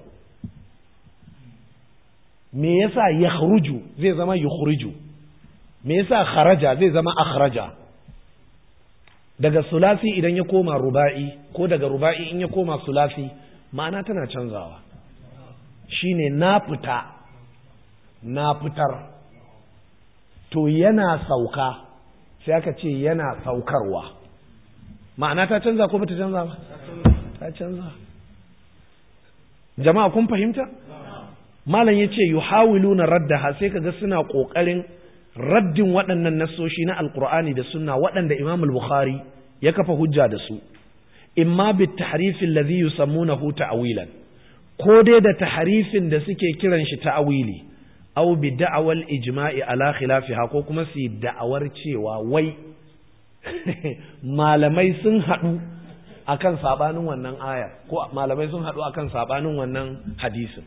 Speaker 1: me yasa ya zai zama yukhruju me yasa kharaja zai zama akhraja daga sulasi idan ya koma ruba'i ko daga ruba'i in ya koma sulasi ma'ana tana canzawa shine na fita na fitar to yana sauka sai aka ce yana saukarwa ma'ana ta canza ko bata canza ba ta canza jama'a kun fahimta malam ya ce yuhawiluna raddaha sai kaga suna kokarin raddin waɗannan nassoshi na Alƙur'ani da sunna waɗanda imam al-bukhari ya kafa hujja da su imma bi tahrifin ladhi yusammunahu ta'wilan ko dai da taharifin da suke kiran shi ta'wili aw bi da'awal ijma'i ala khilafiha ko kuma su da'awar cewa wai malamai sun haɗu akan sabanin wannan aya ko malamai sun haɗu akan sabanin wannan hadisin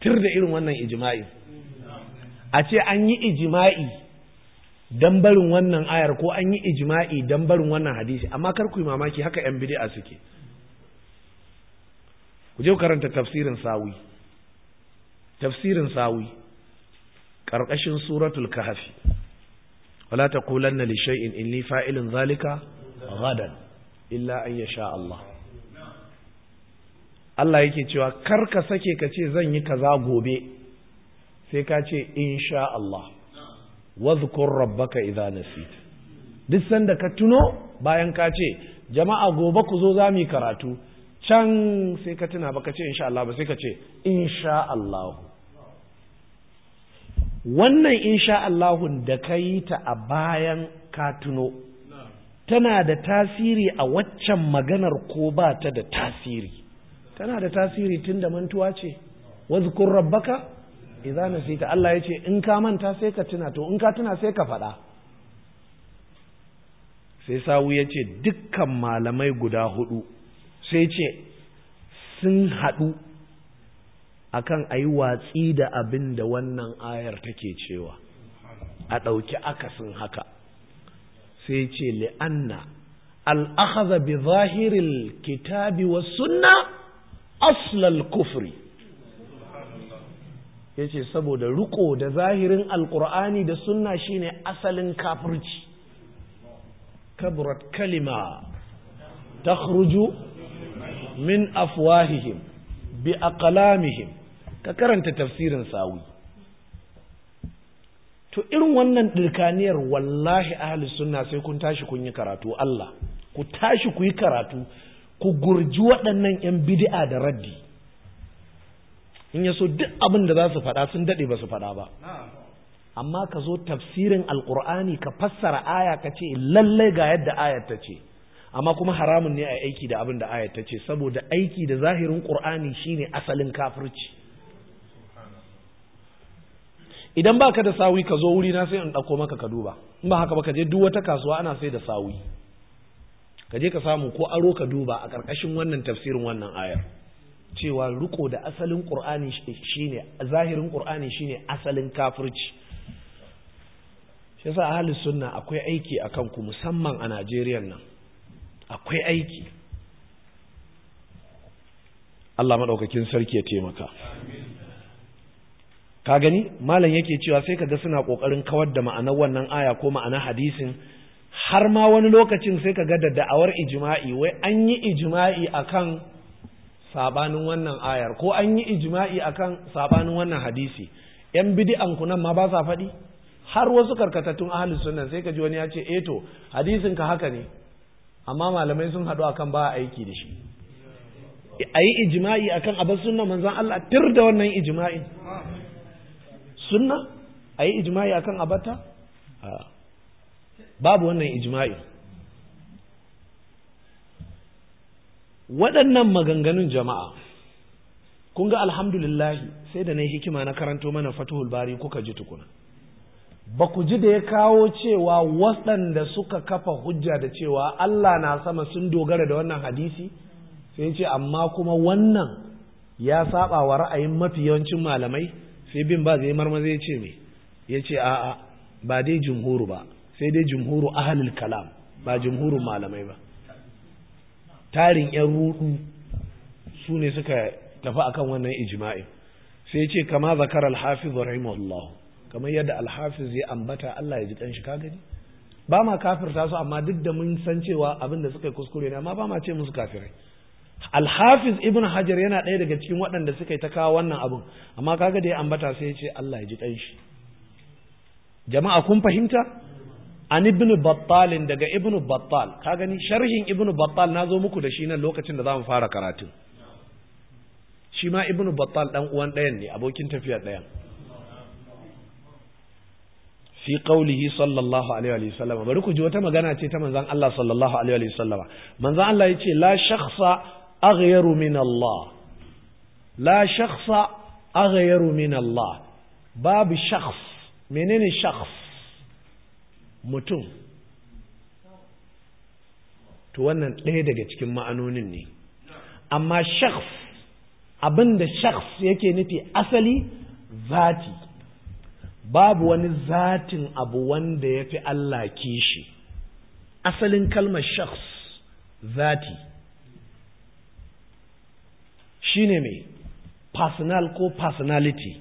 Speaker 1: tir da irin wannan ijima'i. a ce an yi ijima'i dan barin wannan ayar ko an yi ijima'i dan barin wannan hadisi amma kar ku yi mamaki haka yan bid'a suke ku je karanta tafsirin sawi tafsirin sawi karkashin suratul kahfi wala taqulanna li shay'in inni fa'ilun zalika ghadan illa an yasha Allah Allah yake cewa kar ka sake ka ce zan yi kaza gobe sai ka ce sha Allah ka rabbaka idza nasit duk sanda ka tuno bayan ka ce jama'a gobe ku zo za mu yi karatu can sai ka tuna ba ka ce insha Allah ba sai ka ce insha Allah wannan insha Allah da ka yi ta a bayan ka tuno tana da tasiri a waccan maganar ko ba ta da tasiri tana da tasiri tun da mantuwa ce wazkur rabbaka idza nasita Allah yace in ka manta sai ka tuna to in ka tuna sai ka faɗa sai sawu yace dukkan malamai guda hudu sai ce sun haɗu akan ayi watsi da abin da wannan ayar take cewa a ɗauki akasin haka sai ce li'anna al'akhaza bi zahiril kitabi wa sunna aslal kufri Yace saboda riko da zahirin alkur'ani da sunna shine asalin kafirci kabrat kalima ta min afwahihim bi aqlamihim ka karanta tafsirin sawi to irin wannan dirkaniyar wallahi ahli sunna sai kun tashi kun yi karatu Allah ku tashi ku yi karatu ku gurji waɗannan 'yan bid'a da raddi in yaso duk abin da za su faɗa sun daɗe ba su faɗa ba amma ka zo tafsirin Alƙur'ani ka fassara aya ka ce lallai ga yadda ayar ta ce amma kuma haramun ne a aiki da abin da ayar ta ce saboda aiki da zahirin ƙur'ani shine asalin kafirci idan ba ka da sawi ka zo wuri na sai in ɗauko maka ka duba in ba haka ba ka je duk wata kasuwa ana sai da sawi ka je ka samu ko aro ka duba a ƙarƙashin wannan tafsirin wannan ayar cewa riko da asalin shi ne, zahirin shi ne asalin kafirci shi yasa halin sunna akwai aiki a ku musamman a Najeriya nan akwai aiki Allah maɗaukakin sarki ya taimaka ka gani malam yake cewa sai ka ga suna ƙoƙarin kawar da ma'anar wannan aya ko ma'anar hadisin har ma wani lokacin sai ka ga da da'awar ijima'i wai an yi ijima'i akan sabanin wannan ayar ko an yi ijma'i akan sabanin wannan hadisi yan bid'an ku nan ma ba sa faɗi har wasu karkatattun ahli sunna sai ka ji wani ya ce eh to hadisin ka haka ne amma malamai sun haɗu akan ba aiki da shi a yi ijma'i akan abin sunna manzon Allah tir da wannan ijma'i sunna a yi ijma'i akan abata babu wannan ijma'i waɗannan maganganun jama'a kun ga alhamdulillahi sai da na hikima na karanto mana fatuhul bari kuka ji tukuna ba ku ji da ya kawo cewa waɗanda suka kafa hujja da cewa Allah na sama sun dogara da wannan hadisi sai ce amma kuma wannan ya saba wa ra'ayin mafi yawancin malamai sai bin ba zai marmaza ya ce me ya ce a'a ba dai jumhuru ba sai dai jumhuru ahalul kalam ba jumhurun malamai ba tarin yan ruɗu su ne suka tafi akan wannan ijma'i sai ce kama zakar wa hafiz rahimahullah kamar yadda alhafiz ya ambata Allah ya ji kanshi ka gani ba ma kafirta su amma duk da mun san cewa abin da suka yi kuskure ne amma ba ma ce musu kafirai alhafiz ibn hajar yana ɗaya daga cikin waɗanda suka yi ta kawo wannan abin amma kaga da ya ambata sai ya ce Allah ya ji ɗan jama'a kun fahimta an ibnu battalin daga ibnu battal ka gani sharhin ibnu battal na zo muku da shi nan lokacin da za mu fara karatu shi ma ibnu battal dan uwan ɗayan ne abokin tafiya ɗayan fi qaulihi sallallahu alaihi wa sallama bari ku ji wata magana ce ta manzon Allah sallallahu alaihi wa sallama manzon Allah yace la shakhsa aghyaru min Allah la shakhsa aghyaru min Allah babu shakhs menene shakhs mutum to wannan ɗaya daga cikin ma'anonin ne amma shakhs da shakhs yake nufi asali zati babu wani zatin abu wanda ya fi Allah kishi asalin kalmar shakhs zati shine mai personal ko personality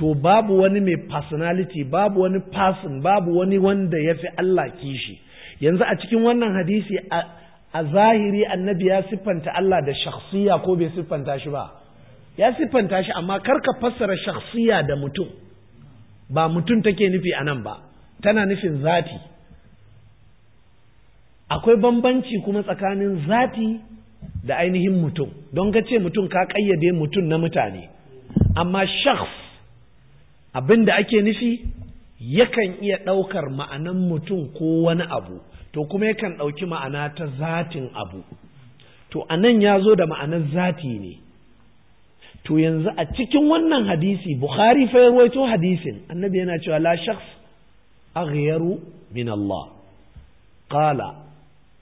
Speaker 1: to babu wani mai personality babu wani person babu wani wanda ya fi Allah kishi yanzu a cikin wannan hadisi a zahiri annabi ya siffanta Allah da shakhsiya ko bai siffanta shi ba ya siffanta shi amma karka fassara shakhsiya da mutum ba mutum take nufi a nan ba tana nufin zati akwai bambanci kuma tsakanin zati da ainihin mutum don ka ce mutum ka ƙayyade mutum na mutane amma shakhs abin da ake nufi yakan iya ɗaukar ma'anan mutum ko wani abu to kuma yakan ɗauki ma'ana ta zatin abu to a nan ya zo da ma'anar zati ne to yanzu a cikin wannan hadisi bukhari fa rawaito hadisin annabi yana cewa la shakhs aghyaru min Allah qala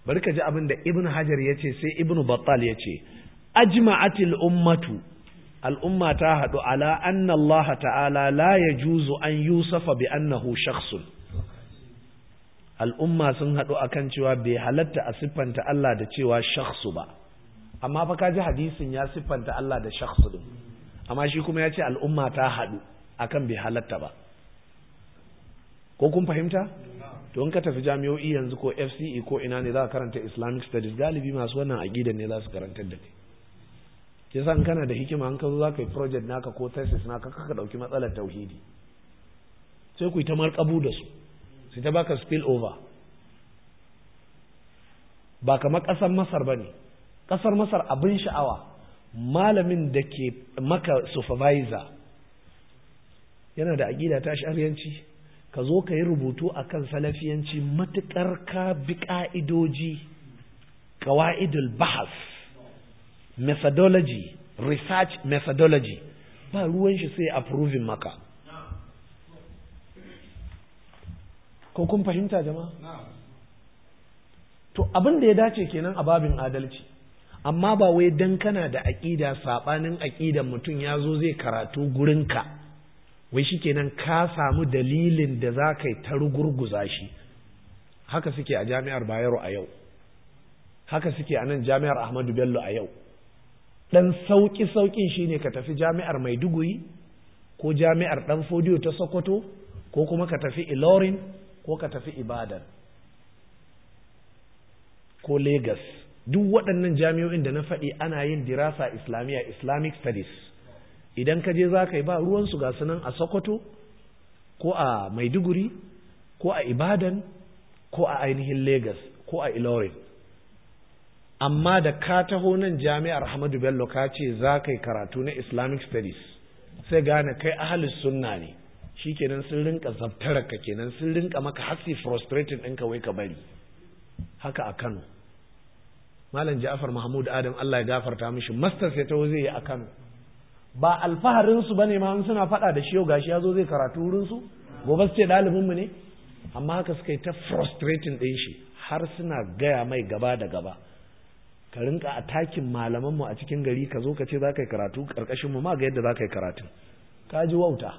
Speaker 1: bari ka ji abin da ibn hajar yace sai ibnu battal yace ce ajma'atil ummatu al'umma ta haɗu ala anna Allah ta'ala la juzu an Yusufa bi annahu shakhsun al'umma sun haɗu akan cewa bai halatta a siffanta Allah da cewa shakhsu ba amma fa kaji hadisin ya siffanta Allah da shakhsu din amma shi kuma ya ce al'umma ta haɗu kan bai halatta ba ko kun fahimta to in ka tafi jami'o'i yanzu ko FCE ko ina ne za ka karanta Islamic studies galibi masu wannan aqidan ne za su karantar da kai ke san kana da hikima an ka zo za ka yi project naka ko thesis naka kaka ɗauki matsalar tauhidi sai ku yi ta markabu da su sai ta baka spill over ba kamar ƙasar masar ba ne ƙasar masar abin sha'awa malamin da ke maka supervisor yana da aƙida ta shari'anci ka zo ka yi rubutu a kan salafiyanci matuƙar ka bi ƙa'idoji ƙawa'idul bahas methodology research methodology ba ruwan shi sai approving maka ko kun fahimta jama'a to abin da ya dace kenan a babin adalci amma ba wai dan kana da aƙida saɓanin aƙidan mutum ya zo zai karatu gurin ka, wai shi kenan ka samu dalilin da za ka yi ta rugurguza shi haka suke a jami'ar bayero a yau haka suke a nan jami'ar ahmadu bello a yau dan sauki saukin shine ka tafi jami'ar maiduguri ko jami'ar dan fodiyo ta sokoto ko kuma ka tafi ilorin ko ka tafi ibadan ko lagos duk waɗannan jami'o'in da na faɗi ana yin dirasa islamiyya islamic studies idan ka je za ka yi ba ruwansu ga sunan a sokoto ko a maiduguri ko a ibadan ko a ainihin lagos ko a ilorin amma da ka taho nan jami'ar Ahmadu Bello ka ce za ka yi karatu na Islamic Studies sai gane kai ahalus sunna ne shi kenan sun rinka zabtarar ka kenan sun rinka maka hasi frustrating ɗinka wai ka bari haka a Kano Malam Ja'far Mahmud Adam Allah ya gafarta mishi master ya taho zai yi a Kano ba alfaharin su bane ma suna faɗa da shi yau gashi yazo zai karatu wurin su gobe su ce ɗalibin mu ne amma haka suka yi ta frustrating ɗin shi har suna gaya mai gaba da gaba ka rinka takin malaman mu a cikin gari ka zo ka ce za ka yi karatu karkashin mu ma ga yadda za ka yi karatu ka ji wauta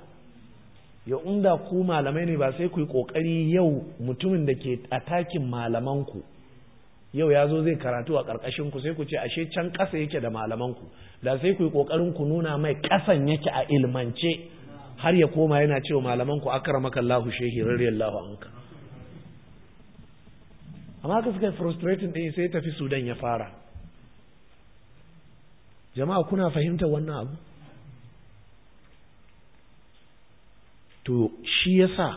Speaker 1: ya inda ku malamai ne ba sai ku yi kokari yau mutumin da ke takin malaman ku yau ya zo zai karatu a karkashin ku sai ku ce ashe can ƙasa yake da malaman ku da sai ku yi kokarin ku nuna mai ƙasan yake a ilmance har ya koma yana cewa malaman ku akramaka Allahu shehi radiyallahu anka amma ka suka frustrating din sai tafi Sudan ya fara jama'a kuna fahimtar wannan abu to shi yasa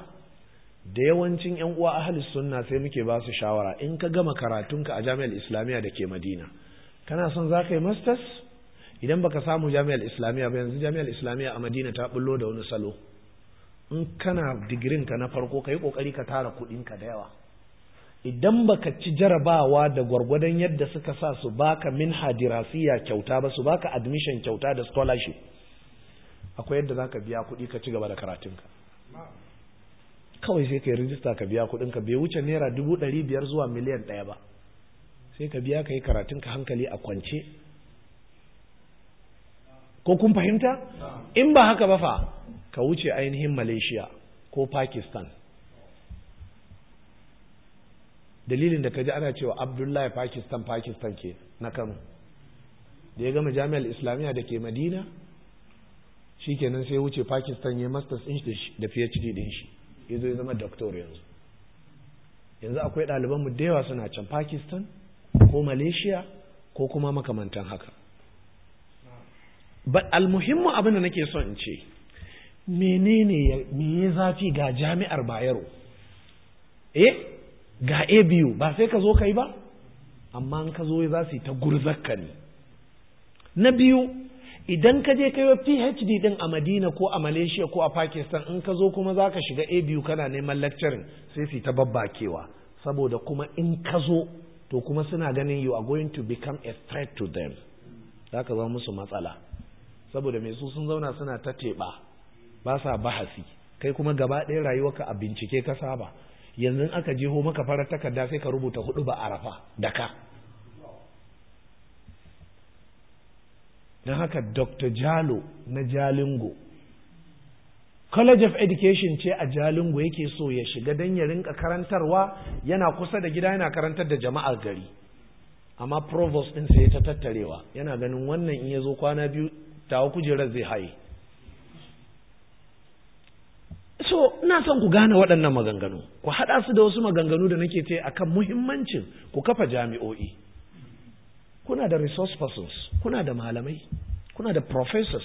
Speaker 1: da yawancin yan uwa ahli sunna sai muke ba su shawara in ka gama karatunka a jami'ar islamiyya da ke madina kana son za ka yi masters idan baka samu jami'ar Islamiya ba yanzu jami'ar Islamiya a madina ta bullo da wani salo in kana digirinka na farko ka yi kokari ka tara kudin ka da yawa idan baka ci jarabawa da gwargwadon yadda suka sa su baka min hadirasiya kyauta ba su baka admission kyauta da scholarship akwai yadda zaka biya kuɗi ka ci gaba da karatunka kawai sai kai rijista ka biya kuɗin ka bai wuce naira dubu ɗari biyar zuwa miliyan ɗaya ba sai ka biya ka yi ka hankali a kwance ko kun fahimta in ba haka ba fa ka wuce ainihin malaysia ko pakistan dalilin da ka ji ana cewa abdullahi pakistan pakistan ke na kano da ya gama jami'ar islamiyya da ke madina shi kenan sai wuce pakistan ya masters din shi da phd din shi ya zo ya zama doctor yanzu yanzu akwai ɗalibanmu da yawa suna can pakistan ko malaysia ko kuma makamantan haka but almuhimmu abin da nake son in ce menene ya zafi ga jami'ar bayero eh ga a biyu ba sai ka zo ka yi ba amma in ka zo za su yi ta gurzakka ne na biyu idan ka je kai PhD din a Madina ko a Malaysia ko a Pakistan in ka zo kuma za ka shiga a biyu kana neman lecturing sai su yi ta babbakewa saboda kuma in ka zo to kuma suna ganin you are going to become a threat to them za ka zama musu matsala saboda mai su sun zauna suna ta teɓa ba sa bahasi kai kuma gaba ɗaya rayuwarka a bincike ka saba yanzu aka jeho maka farar takarda sai ka rubuta hudu ba arafa da ka don haka dr jalo na jalingo college of education ce a jalingo yake so ya shiga don ya rinka karantarwa yana kusa da gida yana karantar da jama'ar gari amma provost din sai ta tattarewa yana ganin wannan in ya zo kwana biyu tawa kujerar zai haye ina son ku gane waɗannan maganganu ku haɗa su da wasu maganganu da nake ce akan muhimmancin ku kafa jami'o'i kuna da resource persons kuna da malamai kuna da professors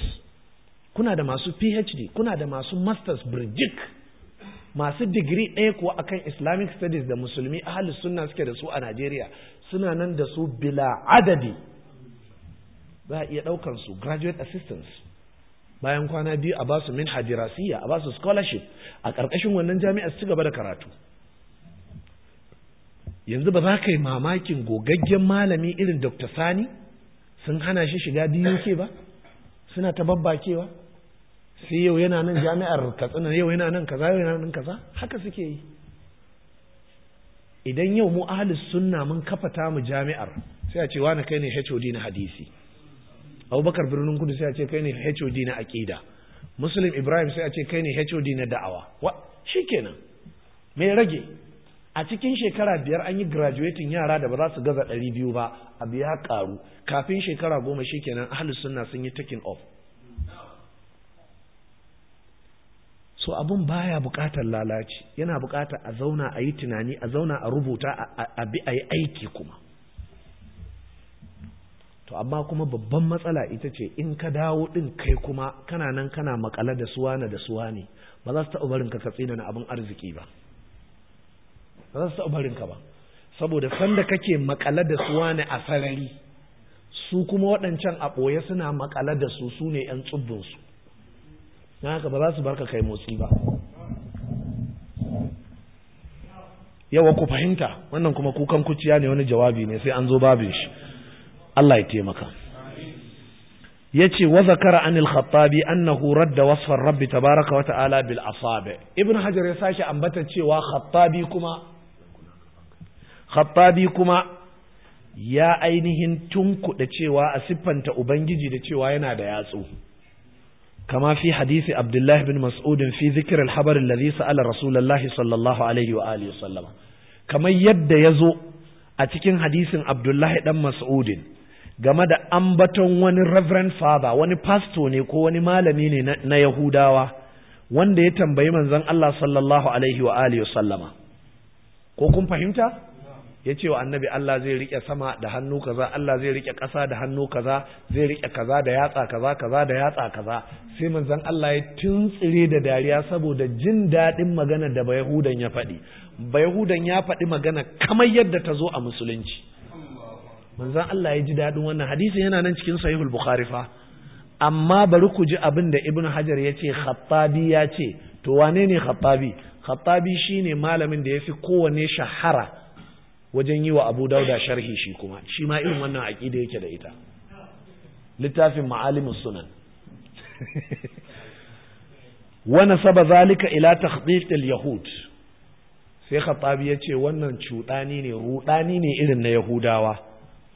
Speaker 1: kuna da masu phd kuna da masu masters birjik masu digiri ɗaya kuwa akan islamic studies da musulmi ahli sunna suke da su a najeriya suna nan da su bila adadi za a iya ɗaukansu graduate assistance. bayan kwana biyu a basu min hadirasiya a basu scholarship a ƙarƙashin wannan jami'a su gaba da karatu yanzu ba za ka yi mamakin gogaggen malami irin dr sani sun hana shi shiga ke ba suna ta babbakewa sai yau yana nan jami'ar katsina yau yana nan kaza yau yana nan kaza haka suke yi idan yau mu ahlus sunna mun kafa ta mu jami'ar sai a ce wani kai ne HOD na hadisi abubakar birnin kudu sai a ce kai ne hod na aƙida muslim ibrahim sai a ce kai ne hod na da'awa wa kenan. me rage a cikin shekara biyar an yi graduating yara da ba za su gaza ɗari biyu ba abu ya ƙaru kafin shekara goma shikenan ahalus sunna sun yi taking off so abun baya buƙatar lalaci yana buƙatar a zauna a yi tunani a zauna a rubuta a bi a yi aiki kuma to amma kuma babban matsala ita ce in ka dawo din kai kuma kana nan kana makala da suwa na da suwa ne ba za su taɓa barin ka katsina na abin arziki ba ba za su taɓa barin ka ba saboda sanda kake makala da suwa ne a sarari su kuma waɗancan a ɓoye suna makala da su su ne ‘yan tsubbinsu na haka ba za su barka kai motsi ba yawa ku fahimta wannan kuma kukan kuciya ne wani jawabi ne sai an zo babin shi Allah ya taimaka. Ya ce, Wa zakara an il na horar da wasfar rabbi ta baraka wa ta’ala bil asabe. Ibn Hajar ya sashi ambata cewa khattabi kuma, ya ainihin tunkuɗa cewa a siffanta Ubangiji da cewa yana da yatsu. Kama fi hadisi Abdullahi bin Mas'udin fi zikir habarin lalisa sa’ala Rasulallahi Alaihi wa Alaihi wasallama. yadda ya zo a cikin hadisin Abdullahi ɗan Mas'udin, game da ambaton wani reverend father wani pasto ne ko wani malami ne na yahudawa wanda ya tambayi manzon Allah sallallahu alaihi wa alihi sallama ko kun fahimta ya ce wa annabi Allah zai rike sama da hannu kaza Allah zai rike ƙasa da hannu kaza zai rike kaza da yatsa kaza kaza da yatsa kaza sai manzon Allah ya tuntsire da dariya saboda jin daɗin magana da bayahudan ya faɗi bayahudan ya faɗi magana kamar yadda ta zo a musulunci manzon Allah ya ji daɗin wannan hadisi yana nan cikin sahihul bukhari fa amma bari ku ji abin da ibn hajar ya ce khattabi ya ce to wane ne khattabi khattabi shine malamin da ya fi kowane shahara wajen yi wa abu dauda sharhi shi kuma shi ma irin wannan aqida yake da ita littafin ma'alimus sunan wani saba zalika ila tahdithil yahud sai khattabi ya ce wannan cuɗani ne ruɗani ne irin na yahudawa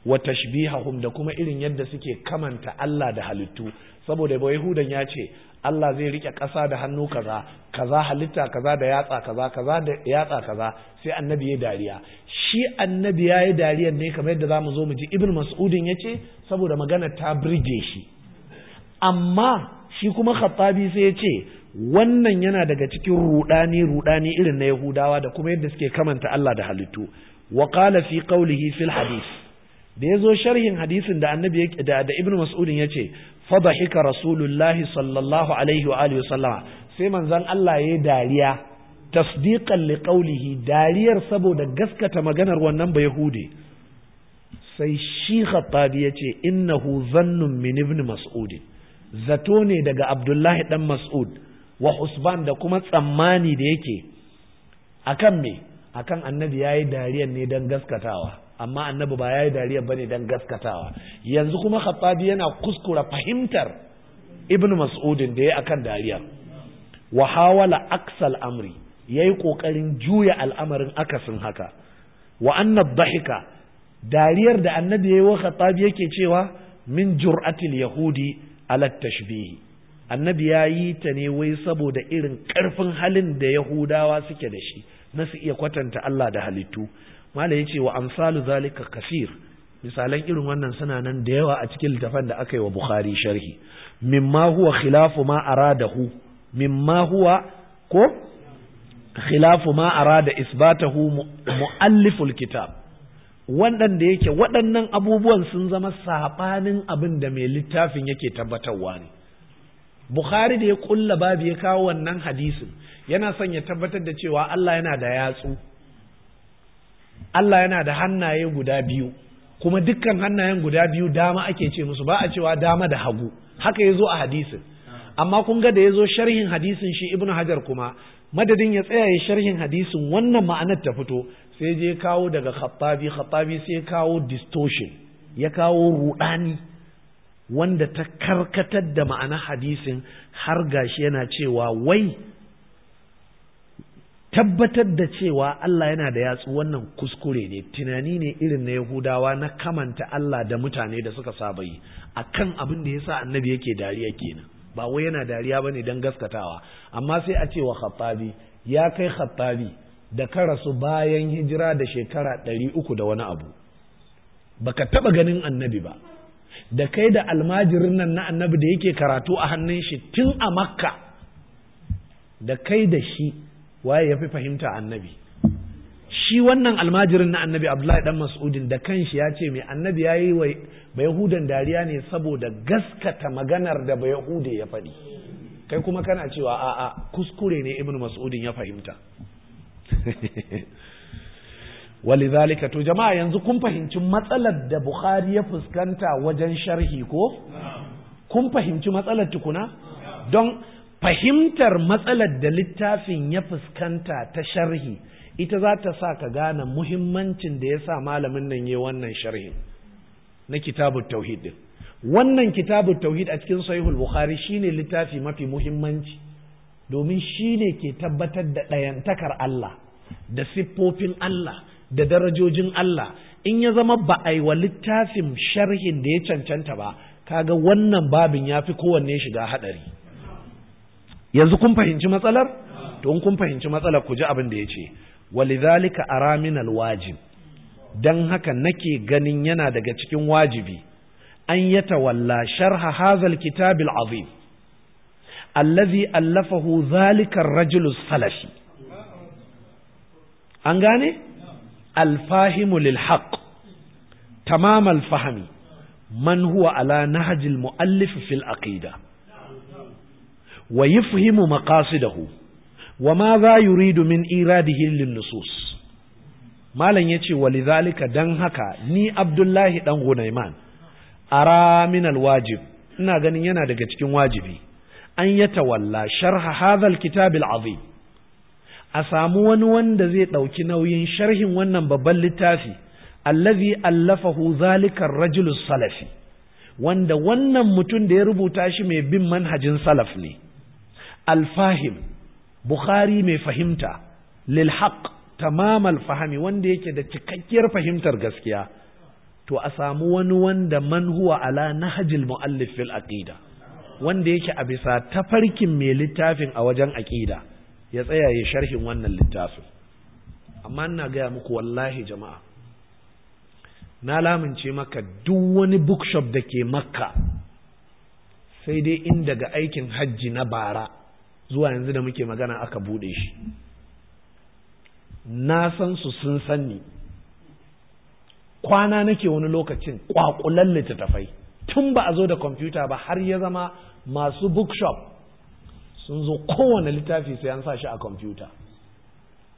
Speaker 1: wa tashbihahum da kuma irin yadda suke kamanta Allah da halittu saboda ba yahudan ya ce Allah zai rike ƙasa da hannu kaza kaza halitta kaza da yatsa kaza kaza da yatsa kaza sai annabi ya dariya shi annabi ya yi dariya ne kamar yadda zamu zo mu ji ibn mas'udin ya ce saboda magana ta burge shi amma shi kuma khattabi sai ya ce wannan yana daga cikin rudani rudani irin na yahudawa da kuma yadda suke kamanta Allah da halittu wa qala fi qawlihi fil hadith da ya zo sharhin hadisin da annabi da, da ibnu mas'udin ya ce fadahika rasulullahi sallallahu alaihi wa alihi sallama sai manzon Allah ya dariya tasdiqan qawlihi dariyar saboda gaskata maganar wannan ba yahude sai shi khattabi ya ce innahu zannun min ibn mas'ud zato ne daga abdullahi dan mas'ud wa husban da kuma tsammani da yake akan me akan annabi yayi dariyar ne dan gaskatawa amma annabi ba ya yi dariya ne don gaskatawa yanzu kuma khattabi yana kuskura fahimtar Ibn mas'udin da ya akan dariya wa hawala aksal amri ya yi kokarin juya al'amarin akasin haka wa anna dariyar da annabi ya yi wa khattabi yake cewa min jur'atil yahudi alat tashbih annabi ya yi ta ne wai saboda irin ƙarfin halin da yahudawa suke da shi na su iya kwatanta Allah da halittu mala yace wa amsalu zalika kasir, misalan irin wannan suna nan da yawa a cikin littafan da aka yi wa bukhari sharhi mimma huwa khilafu ma aradahu mimma huwa ko khilafu ma arada isbatahu mualliful kitab waɗanda yake waɗannan abubuwan sun zama saɓanin abin da mai littafin yake tabbatarwa ne Bukhari da ya kulla babu ya kawo wannan hadisin yana son ya tabbatar da cewa Allah yana da yatsu Allah yana da hannaye guda biyu kuma dukkan hannayen guda biyu dama ake ce musu ba a cewa dama da hagu haka ya zo a hadisin amma kun ga da ya zo sharhin hadisin shi Ibn hajar kuma madadin ya tsaya ya sharhin hadisin wannan ma'anar ta fito sai je kawo daga khattabi khattabi sai kawo distortion ya kawo rudani wanda ta karkatar da ma'anar hadisin har gashi yana cewa wai tabbatar da cewa Allah yana da yatsu wannan kuskure ne tunani ne irin na Yahudawa na kamanta Allah da mutane da suka saba yi akan abin da yasa annabi yake dariya kenan ba wai yana dariya bane dan gaskatawa amma sai a ce wa Khattabi ya kai Khattabi da ka rasu bayan hijira da shekara ɗari uku da wani abu baka taba ganin annabi ba da kai da almajirin nan na annabi da yake karatu a hannun shi tun a Makka da kai da shi waye ya fi fahimta annabi shi wannan almajirin na annabi abdullahi dan mas'udin da kanshi ya ce mai annabi ya yi wa bayahudan dariya ne saboda gaskata maganar da bayahude ya faɗi kai kuma kana cewa a'a kuskure ne ibnu mas'udin ya fahimta walizalika to jama'a yanzu kun fahimci matsalar da bukhari ya fuskanta wajen sharhi ko kun fahimci matsalar tukuna don fahimtar matsalar da littafin ya fuskanta ta sharhi ita za ta sa ka gane muhimmancin da ya sa malamin nan ya wannan sharhin na kitabun tauhid wannan kitabun tauhid a cikin sahihul bukhari shine littafi mafi muhimmanci domin shine ke tabbatar da ɗayantakar Allah da siffofin Allah da darajojin Allah in ya zama ba a yi wa littafin sharhin da ya cancanta ba kaga wannan babin ya fi kowanne shiga haɗari yanzu kun fahimci matsalar to in kun fahimci matsalar ku ji abin da ce. walidhalika ara araminal alwajib dan haka nake ganin yana daga cikin wajibi an yatawalla sharha hazal kitabil azim allazi allafahu zalikar ar-rajul salafi an gane alfahimu lil haqq tamam alfahmi man huwa ala nahj almuallif fil aqida wa yafhimu maqasidahu wa ma za yuridu min iradihi lin nusus malam yace walidhalika dan haka ni abdullahi dan gunaiman ara min alwajib ina ganin yana daga cikin wajibi an yatawalla sharha hadha alkitab alazim a samu wani wanda zai ɗauki nauyin sharhin wannan babban littafi allazi allafahu zalika ar salafi wanda wannan mutum da ya rubuta shi mai bin manhajin salaf ne alfahim bukhari mai fahimta lil haqq tamam alfahami wanda yake da cikakkiyar fahimtar gaskiya to a samu wani wanda man huwa ala nahjil muallif fil aqida wanda yake a bisa tafarkin mai littafin a wajen aqida ya tsaya ya sharhin wannan littafin amma ina gaya muku wallahi jama'a na lamince maka duk wani bookshop da ke makka sai dai in daga aikin hajji na bara zuwa yanzu da muke magana aka buɗe shi na san su sun sanni kwana nake wani lokacin kwakulan littattafai tun ba a zo da kwamfuta ba har ya zama masu bookshop sun zo kowane littafi sai an sa shi a kwamfuta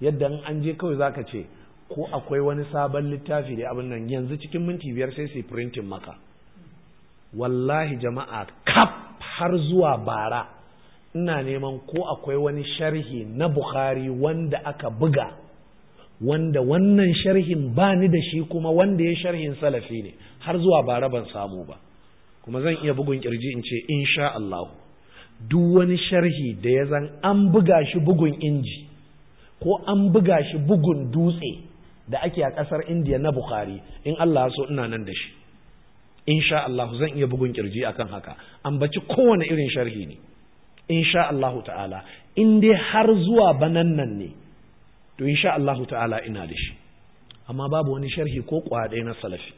Speaker 1: yadda an je kawai zaka ce ko akwai wani sabon littafi da abin nan yanzu cikin minti biyar sai su printin maka wallahi jama'a kaf har zuwa bara ina neman ko akwai wani sharhi na bukhari wanda aka buga wanda wannan sharhin ba ni da shi kuma wanda ya sharhin salafi ne har zuwa bara ban samu ba kuma zan iya bugun kirji in ce insha Allah duk wani sharhi da ya zan an buga shi bugun inji ko an buga shi bugun dutse da ake a ƙasar indiya na bukhari in Allah so ina nan da shi insha Allah zan iya bugun kirji akan haka ambaci kowane irin sharhi ne insha Allahu ta'ala in dai har zuwa banan nan ne to insha Allahu ta'ala ina da shi amma babu wani sharhi ko kwaɗe na salafi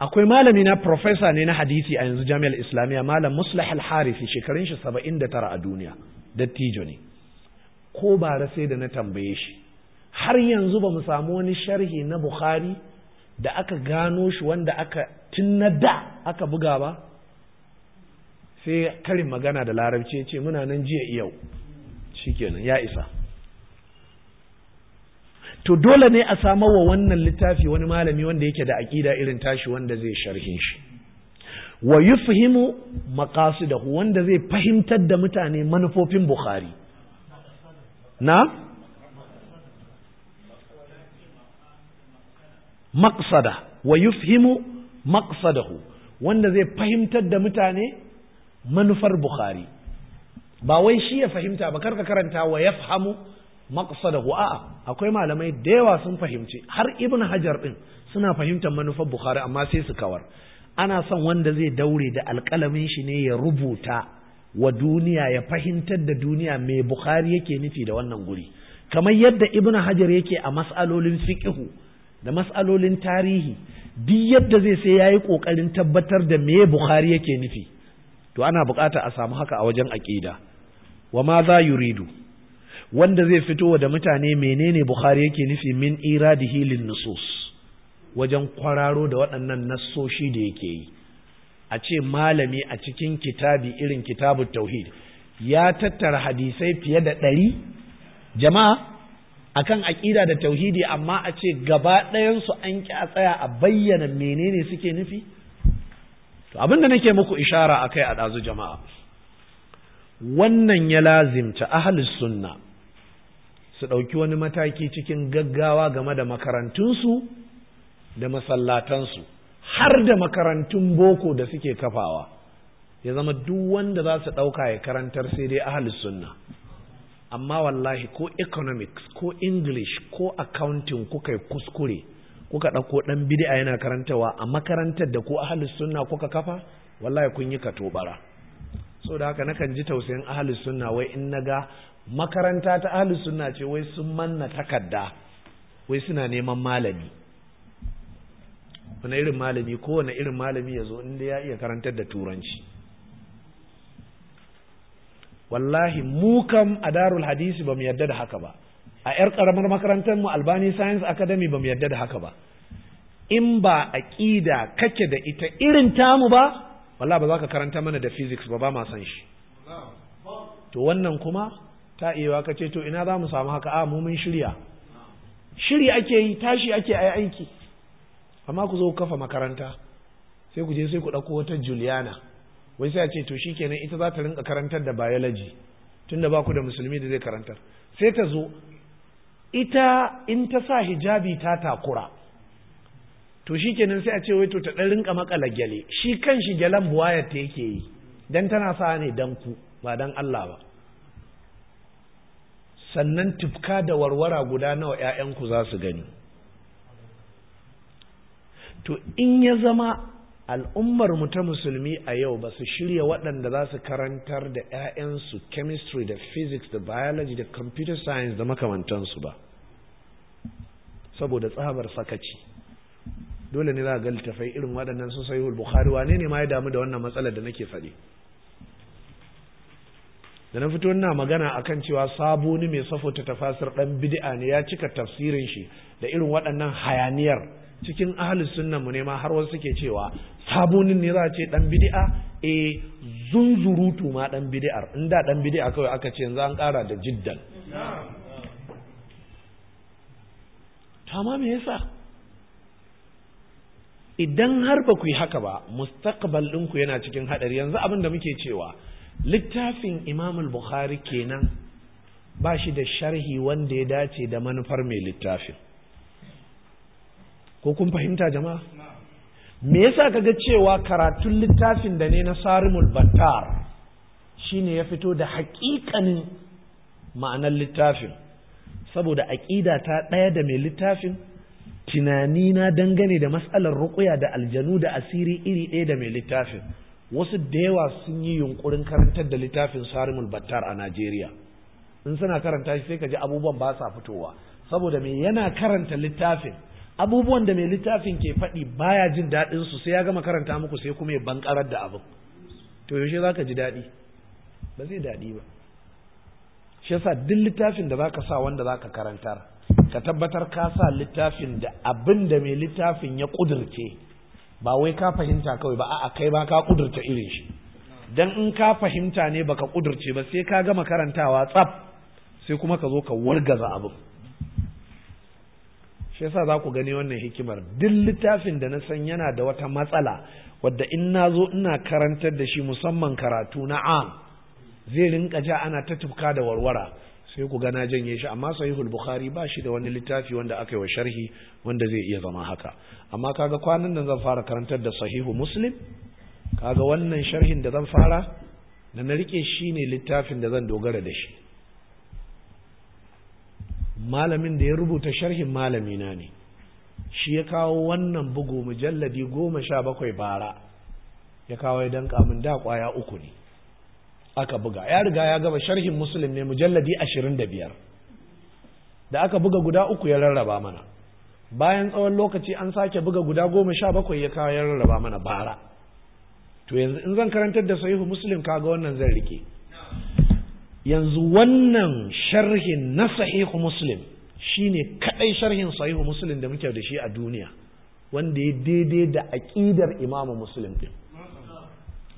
Speaker 1: akwai malami na professor ne na hadisi a yanzu jami'ar islamiyya malam muslah al-harifi shekarun shi 79 a duniya dattijo ne ko ra sai da na tambaye shi har yanzu ba mu samu wani sharhi na bukhari da aka gano shi wanda aka tun na da aka buga ba sai karin magana da larabci ya ce muna nan jiya yau shikenan ya isa to dole ne a samar wa wannan littafi wani malami wanda yake da aƙida irin tashi wanda zai sharhin shi wa yufhimu maqasidahu wanda zai fahimtar da mutane manufofin bukhari na maqsada wa yufhimu maqsadahu wanda zai fahimtar da mutane manufar bukhari ba wai shi ya fahimta ba karka karanta wa ya fahimu maqsadahu a'a akwai malamai da yawa sun fahimci har ibn hajar din suna fahimtar manufar bukhari amma sai su kawar ana son wanda zai daure da alƙalamin shi ne ya rubuta wa duniya ya fahimtar da duniya mai bukhari yake nufi da wannan guri kamar yadda ibn hajar yake a mas'alolin fiqhu da mas'alolin tarihi duk yadda zai sai yayi kokarin tabbatar da me bukhari yake nufi to ana bukata a samu haka a wajen aqida wa ma za yuridu wanda zai fito da mutane menene bukhari yake nufi min iradihi lin nusus wajen kwararo da waɗannan nassoshi da yake yi a ce malami a cikin kitabi irin kitabut tauhid ya tattara hadisai fiye da ɗari jama'a akan aƙida da tauhidi amma a ce gaba ɗayan su an ki a tsaya a bayyana menene suke nufi to abin da nake muku ishara akai a ɗazu jama'a wannan ya lazimta ahlus sunna su ɗauki wani mataki cikin gaggawa game da makarantunsu da masallatansu har da makarantun boko da suke kafawa ya zama duk wanda za su ɗauka ya karantar sai dai ahlus sunna amma wallahi ko economics ko english ko accounting kuka yi kuskure kuka ɗauko ɗan bid'a yana karantawa a makarantar da ku ahalus sunna kuka kafa wallahi kun yi katobara so da haka nakan ji tausayin ahalus sunna wai in naga makaranta ta ahalus sunna ce wai sun manna takarda wai suna neman malami wani irin malami kowane irin malami ya zo inda ya iya karantar da turanci wallahi mu kam a darul hadisi ba mu yarda da haka ba a 'yar ƙaramar makarantar mu albani science academy ba mu yarda da haka ba in ba aƙida kake da ita irin tamu ba wallahi ba za ka karanta mana da physics ba ba ma san shi to wannan kuma ta iya ka ce to ina za mu samu haka a mu mun shirya shiri ake yi tashi ake ai aiki amma ku zo kafa makaranta sai ku je sai ku ɗauko wata Juliana wai sai a ce to shikenan ita za ta rinka karantar da biology tunda ba ku da musulmi da zai karantar sai ta zo ita in ta sa hijabi ta takura to shi kenan sai a ce wai to ta ɗan rinka makala gyale shi kan shi gyalen buwaya ta yake yi dan tana sa ne dan ku ba dan Allah ba sannan tufka da warwara guda nawa ƴaƴanku za su gani to in ya zama al'ummar mu ta musulmi a yau ba su shirya waɗanda za su karantar da 'ya'yansu chemistry da physics da biology da computer science da makamantansu ba saboda tsabar sakaci dole ne za ga littafai irin waɗannan sun sayi bukhari wane ne ma ya damu da wannan matsalar da nake faɗi da na fito na magana akan cewa sabo ne mai ta tafasir ɗan bid'a ne ya cika tafsirin shi da irin waɗannan hayaniyar cikin ahli sunnan mu ne ma har wasu suke cewa sabonin ne za a ce dan bidi'a e eh, zunzurutu ma dan bid'ar in da dan bidi'a kawai aka ce yanzu an kara da jiddan to me yasa idan har ba ku yi haka ba mustaqbal ɗinku yana cikin haɗari yanzu abin da muke cewa littafin imam bukhari kenan ba shi da sharhi wanda ya dace da manufar mai littafin ko kun fahimta jama'a me yasa ga cewa karatun littafin da ne na sarimul battar shine ya fito da haƙiƙanin ma'anar littafin saboda aƙida ta ɗaya da mai littafin tunani na dangane da matsalar ruƙuya da aljanu da asiri iri ɗaya da mai littafin wasu da yawa sun yi yunkurin karantar da littafin sarimul battar a najeriya in suna karanta shi sai ka ji abubuwan ba sa fitowa saboda me yana karanta littafin abubuwan da mai littafin ke faɗi baya jin daɗin su sai ya gama karanta muku sai kuma ya bankarar da abin to yaushe zaka ji daɗi ba zai daɗi ba shi yasa duk littafin da zaka sa wanda zaka karantar ka tabbatar ka sa littafin da abin da mai littafin ya ƙudurce ba wai ka fahimta kawai ba a'a kai ba ka kudurta irin shi dan in ka fahimta ne baka kudurce ba sai ka gama karantawa tsaf sai kuma ka zo ka wargaza abin shi yasa za ku gani wannan hikimar duk littafin da na san yana da wata matsala wadda in na zo ina karantar da shi musamman karatu na am zai rinka ja ana ta tufka da warwara sai ku gana janye shi amma sahihul bukhari ba shi da wani littafi wanda aka yi wa sharhi wanda zai iya zama haka amma kaga kwanan nan zan fara karantar da sahihu muslim kaga wannan sharhin da zan fara da na rike shi ne littafin da zan dogara da shi malamin da ya rubuta sharhin malamina ne shi ya kawo wannan bugu mujalladi goma sha bakwai bara ya kawo ya danka min da kwaya uku ne aka buga ya riga ya gaba sharhin musulun ne mujalladi ashirin da biyar da aka buga guda uku ya rarraba mana bayan tsawon lokaci an sake buga guda goma sha bakwai ya kawo ya rarraba mana bara to yanzu in zan karantar da sahihu muslim kaga wannan zan rike yanzu wannan sharhin na sahihu muslim shine kaɗai sharhin sahihu muslim da muke da shi a duniya wanda ya daidai da aƙidar imamu muslim ɗin.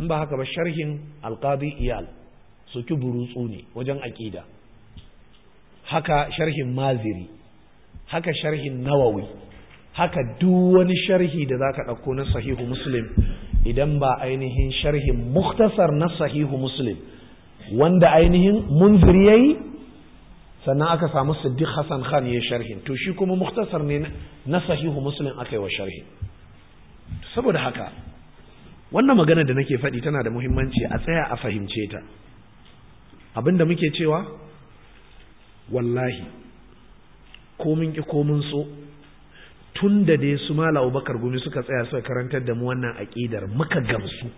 Speaker 1: in ba haka ba sharhin alqadi iyal suki burutsu ne wajen aƙida. haka sharhin maziri haka sharhin nawawi haka duk wani sharhi da za ka ɗauko na sahihu muslim idan ba ainihin sharhin muktasar na sahihu muslim wanda ainihin munziri yayi sannan aka samu siddiq Hassan khan ya sharhin to shi kuma muktasar ne na sahihu muslim aka yi wa sharhin saboda haka wannan magana da nake faɗi tana da muhimmanci a tsaya a fahimce ta abinda muke cewa wallahi komin ki komin so tun da dai su mala abubakar gumi suka tsaya suka karantar da mu wannan aƙidar muka gamsu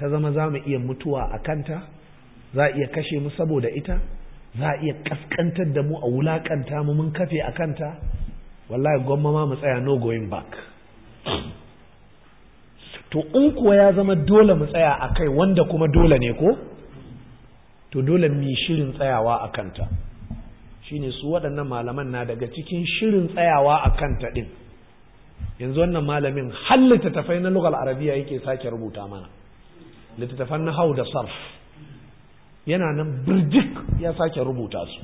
Speaker 1: ta zama za mu iya mutuwa a kanta za a iya kashe mu saboda ita za a iya kaskantar da mu a wulakanta mu mun kafe a kanta wallahi gwamma ma mu tsaya no going back to in kuwa ya zama dole mu tsaya a kai wanda kuma dole ne ko to dole mu shirin tsayawa a kanta shine su waɗannan malaman na daga cikin shirin tsayawa a kanta ɗin yanzu wannan malamin har littattafai na lugal arabiya yake sake rubuta mana littattafan na hau da sarf yana nan birjik ya sake rubuta su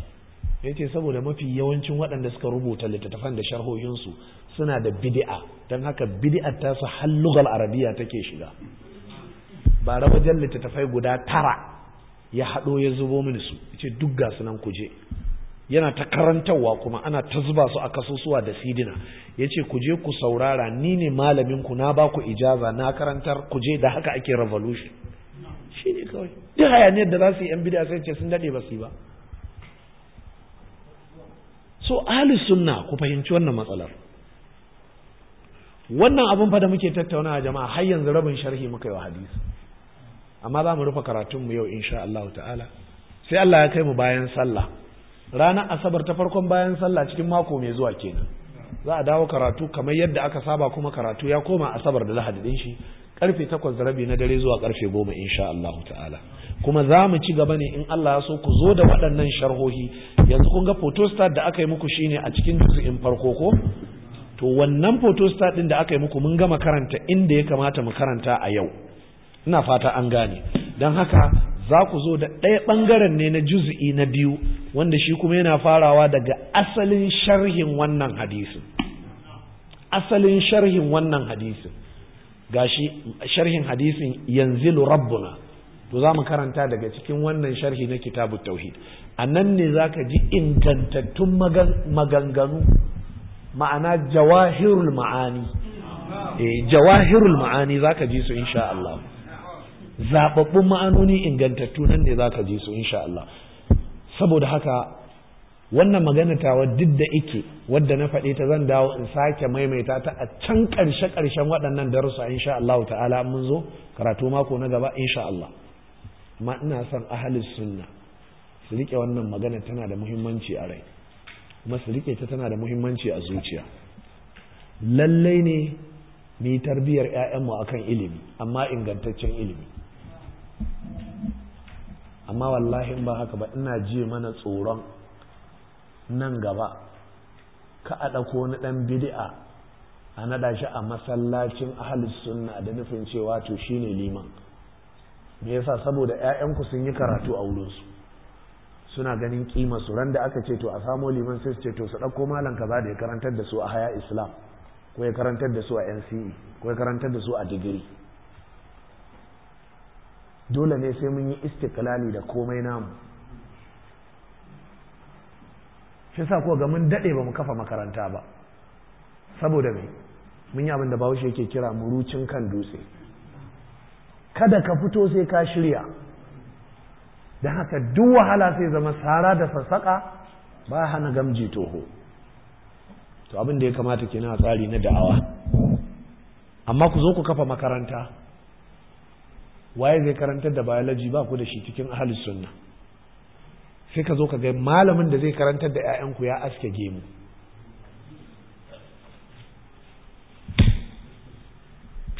Speaker 1: ya ce saboda mafi yawancin waɗanda suka rubuta littattafan da sharhohinsu suna da bidi'a don haka bidi'a ta su hallugal arabiya take shiga ba wajen littattafai guda tara ya haɗo ya zubo mini su ce duk ga su nan kuje yana ta karantarwa kuma ana ta zuba su a kasusuwa da sidina ya ce ku ku saurara ni ne malaminku na ba ku ijaza na karantar kuje da haka ake revolution shi ne kawai duk hayaniyar da za su yi yan bid'a sai ce sun daɗe ba su yi ba so ahli sunna ku fahimci wannan matsalar wannan abin fa da muke tattaunawa jama'a har yanzu rabin sharhi muka yi wa hadisi amma za mu rufe karatun mu yau insha Allah ta'ala sai Allah ya kai mu bayan sallah ranar asabar ta farkon bayan sallah cikin mako mai zuwa kenan za a dawo karatu kamar yadda aka saba kuma karatu ya koma asabar da lahadi shi karfe takwas da rabi na dare zuwa karfe goma insha Allah ta'ala kuma za mu ci gaba ne in Allah ya so ku zo da waɗannan sharhohi yanzu kun ga photostat da aka yi muku shine a cikin juzu'in farko ko to wannan photostat din da aka yi muku mun gama karanta inda ya kamata mu karanta a yau ina fata an gane don haka za ku zo da ɗaya ɓangaren ne na juzu'i na biyu wanda shi kuma yana farawa daga asalin sharhin wannan hadisin asalin sharhin wannan hadisin gashi sharhin hadisin yanzilu rabbuna to za mu karanta daga cikin wannan sharhi na kitabu tauhid a nan ne za ka ji ingantattun maganganu ma'ana jawahirul ma'ani
Speaker 2: eh jawahirul
Speaker 1: ma'ani za ka ji su insha Allah zababbun ma'anoni ingantattu nan ne za ka ji su insha Allah saboda haka wannan magana tawa duk da ike wadda na faɗi ta zan dawo in sake maimaita ta a can ƙarshe ƙarshen waɗannan darussa insha Allah ta'ala mun zo karatu mako na gaba insha Allah amma ina son ahli sunna su rike wannan magana tana da muhimmanci a rai kuma su rike ta tana da muhimmanci a zuciya lallai ne mu yi tarbiyar 'ya'yanmu akan ilimi amma ingantaccen ilimi amma wallahi in ba haka ba ina ji mana tsoron nan gaba ka a ɗako wani ɗan bidi'a a naɗa shi a masallacin ahalus sunna da nufin cewa to shine liman me yasa saboda 'ya'yanku sun yi karatu a wurinsu suna ganin ƙima su ran da aka ce to a samo liman sai su ce to su ɗauko malam kaza da ya karantar da su a haya islam ko ya karantar da su a nce ko ya karantar da su a digiri dole ne sai mun yi istiklali da komai namu shi sa ko ga mun daɗe ba mu kafa makaranta ba saboda mai mun yi abin da bahaushe yake kira murucin kan dutse kada ka fito sai ka shirya da haka duk wahala sai zama sara da sassaƙa ba hana gamji toho to abin da ya kamata ke na tsari na da'awa amma ku zo ku kafa makaranta waye zai karantar da biology ba ku da shi cikin ahalus sunna sai ka zo ka ga malamin da zai karantar da 'ya'yanku ya aske gemu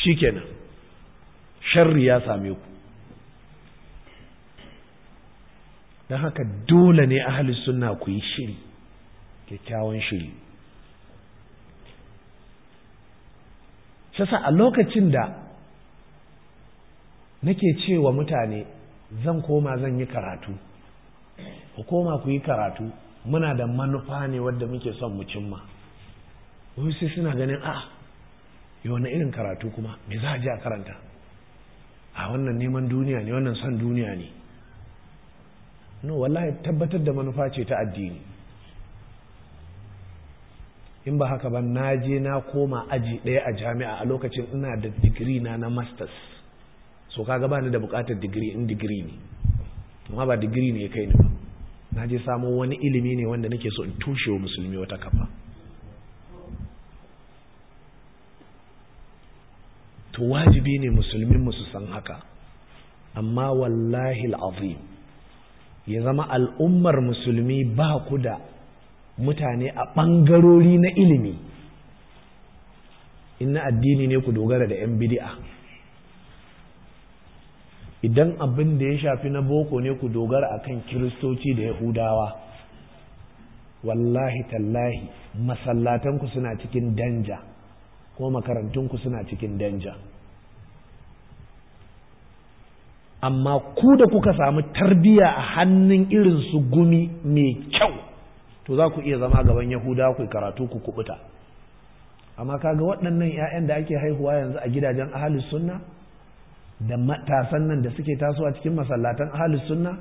Speaker 1: shikenan sharri ya same ku don haka dole ne ahli sunna ku yi shiri kyakkyawan shiri shasa a lokacin da nake cewa mutane zan koma zan yi karatu ku koma ku yi karatu muna da manufa ne wadda muke son mu cimma wai suna ganin a yi wani irin karatu kuma me za a ji a karanta a wannan neman duniya ne wannan son duniya ne no wallahi tabbatar da manufa ce ta addini in ba haka ba na je na koma aji ɗaya a jami'a a lokacin ina da digiri na na masters so kaga ba da bukatar digiri in digiri ne amma ba digiri ne ya kai ni ba na je samo wani ilimi ne wanda nake so in tushe wa musulmi wata kafa to wajibi ne musulmin musu san haka amma wallahi al'azim ya zama al'ummar musulmi ba ku da mutane a ɓangarori na ilimi in na addini ne ku dogara da 'yan bidi'a idan abin da ya shafi na boko ne ku dogara a kan kiristoci da yahudawa wallahi tallahi masallatanku suna cikin danja ko makarantunku suna cikin danja amma ku da kuka samu tarbiya a hannun irin su gumi mai kyau to za ku iya zama gaban yahudawa ku karatu ku kubuta amma kaga waɗannan 'ya'yan da ake haihuwa yanzu a gidajen ahalus sunna da matasan nan da suke taso a cikin masallatan ahlus sunna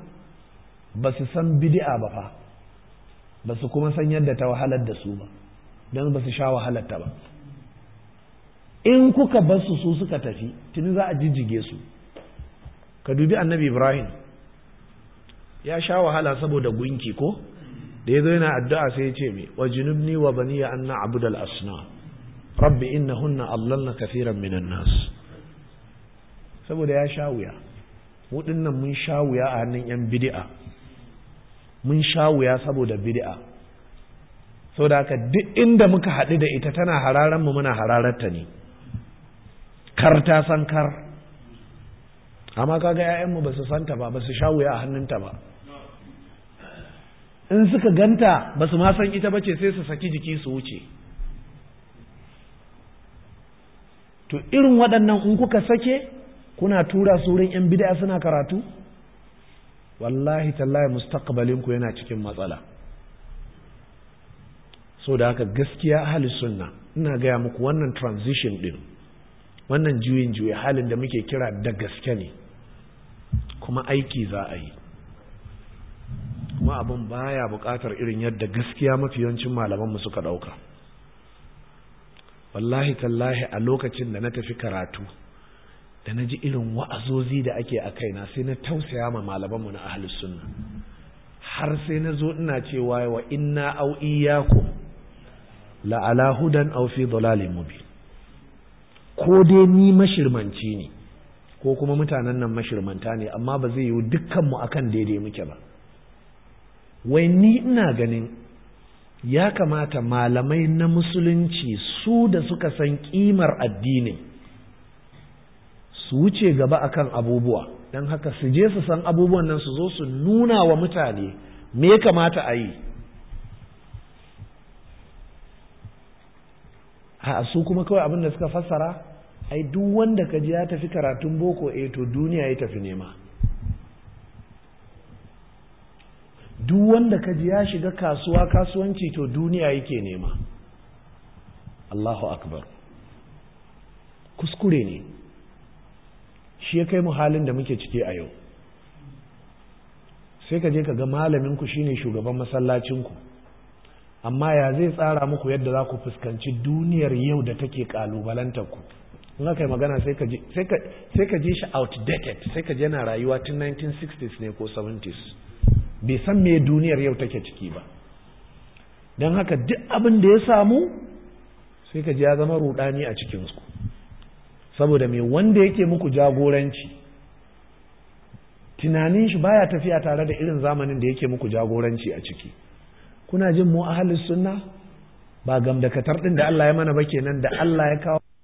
Speaker 1: ba su san bid'a ba fa ba su kuma san yadda ta wahalar da su ba don ba su sha wahalar ta ba in kuka bar su su suka tafi tuni za a jijjige su ka dubi annabi ibrahim ya sha wahala saboda gunki ko da ya zo yana addu'a sai ya ce mai wa junubni wa baniya anna na asna rabbi inna hunna allalna kafiran minan nasu saboda ya sha wuya mu nan mun sha wuya a hannun yan bid'a mun sha wuya saboda bid'a saboda haka duk inda muka haɗu da ita tana hararan mu muna harararta ne kar ta san kar amma kaga ƴaƴanmu ba su santa ba ba su sha wuya a hannunta ba in suka ganta ba su ma san ita bace sai su saki jiki su wuce to irin waɗannan in kuka sake kuna tura su yan bid'a suna karatu wallahi tallahi mustaqbalinku yana cikin matsala so da haka gaskiya ahli sunna ina gaya muku wannan transition ɗin, wannan juyin juye halin da muke kira da gaske ne kuma aiki za a yi kuma abin baya buƙatar irin yadda gaskiya mafi yawancin malamanmu suka ɗauka. wallahi tallahi a lokacin da na tafi karatu da na ji irin wa'azozi da ake a kaina sai na tausaya ma malabanmu na ahlus sunna har sai na zo ina cewa wa inna au iyyakum la ala hudan aw fi dhalalin mubin ko dai ni mashirmanci ne ko kuma mutanen nan mashirmanta ne amma ba zai yiwu dukkanmu akan daidai muke ba wai ni ina ganin ya kamata malamai na musulunci su da suka san kimar addinin su wuce gaba akan abubuwa don haka su je su san abubuwan nan su zo su nuna wa mutane me kamata a yi a su kuma kawai abin da suka fassara ai duk wanda ka ji ya tafi karatun boko eh to duniya ya tafi nema duk wanda ka ji ya shiga kasuwa kasuwanci to duniya yake nema Allahu akbar kuskure ne shi ya kai mu halin da muke ciki a yau sai ka je ka ga malamin ku shine shugaban masallacinku, amma ya zai tsara muku yadda za ku fuskanci duniyar yau da take kalubalantar ku in aka yi magana sai ka je shi outdated sai ka je yana rayuwa tun 1960s ne ko 70s bai san me duniyar yau take ciki ba don haka duk abin da ya samu sai ka ji ya zama rudani a cikinsu saboda mai wanda yake muku jagoranci tunanin shi baya tafiya tare da irin zamanin da yake muku jagoranci a ciki kuna jin mu ahalis sunna ba gamdakatar ɗin da Allah ya mana ba kenan da Allah ya kawo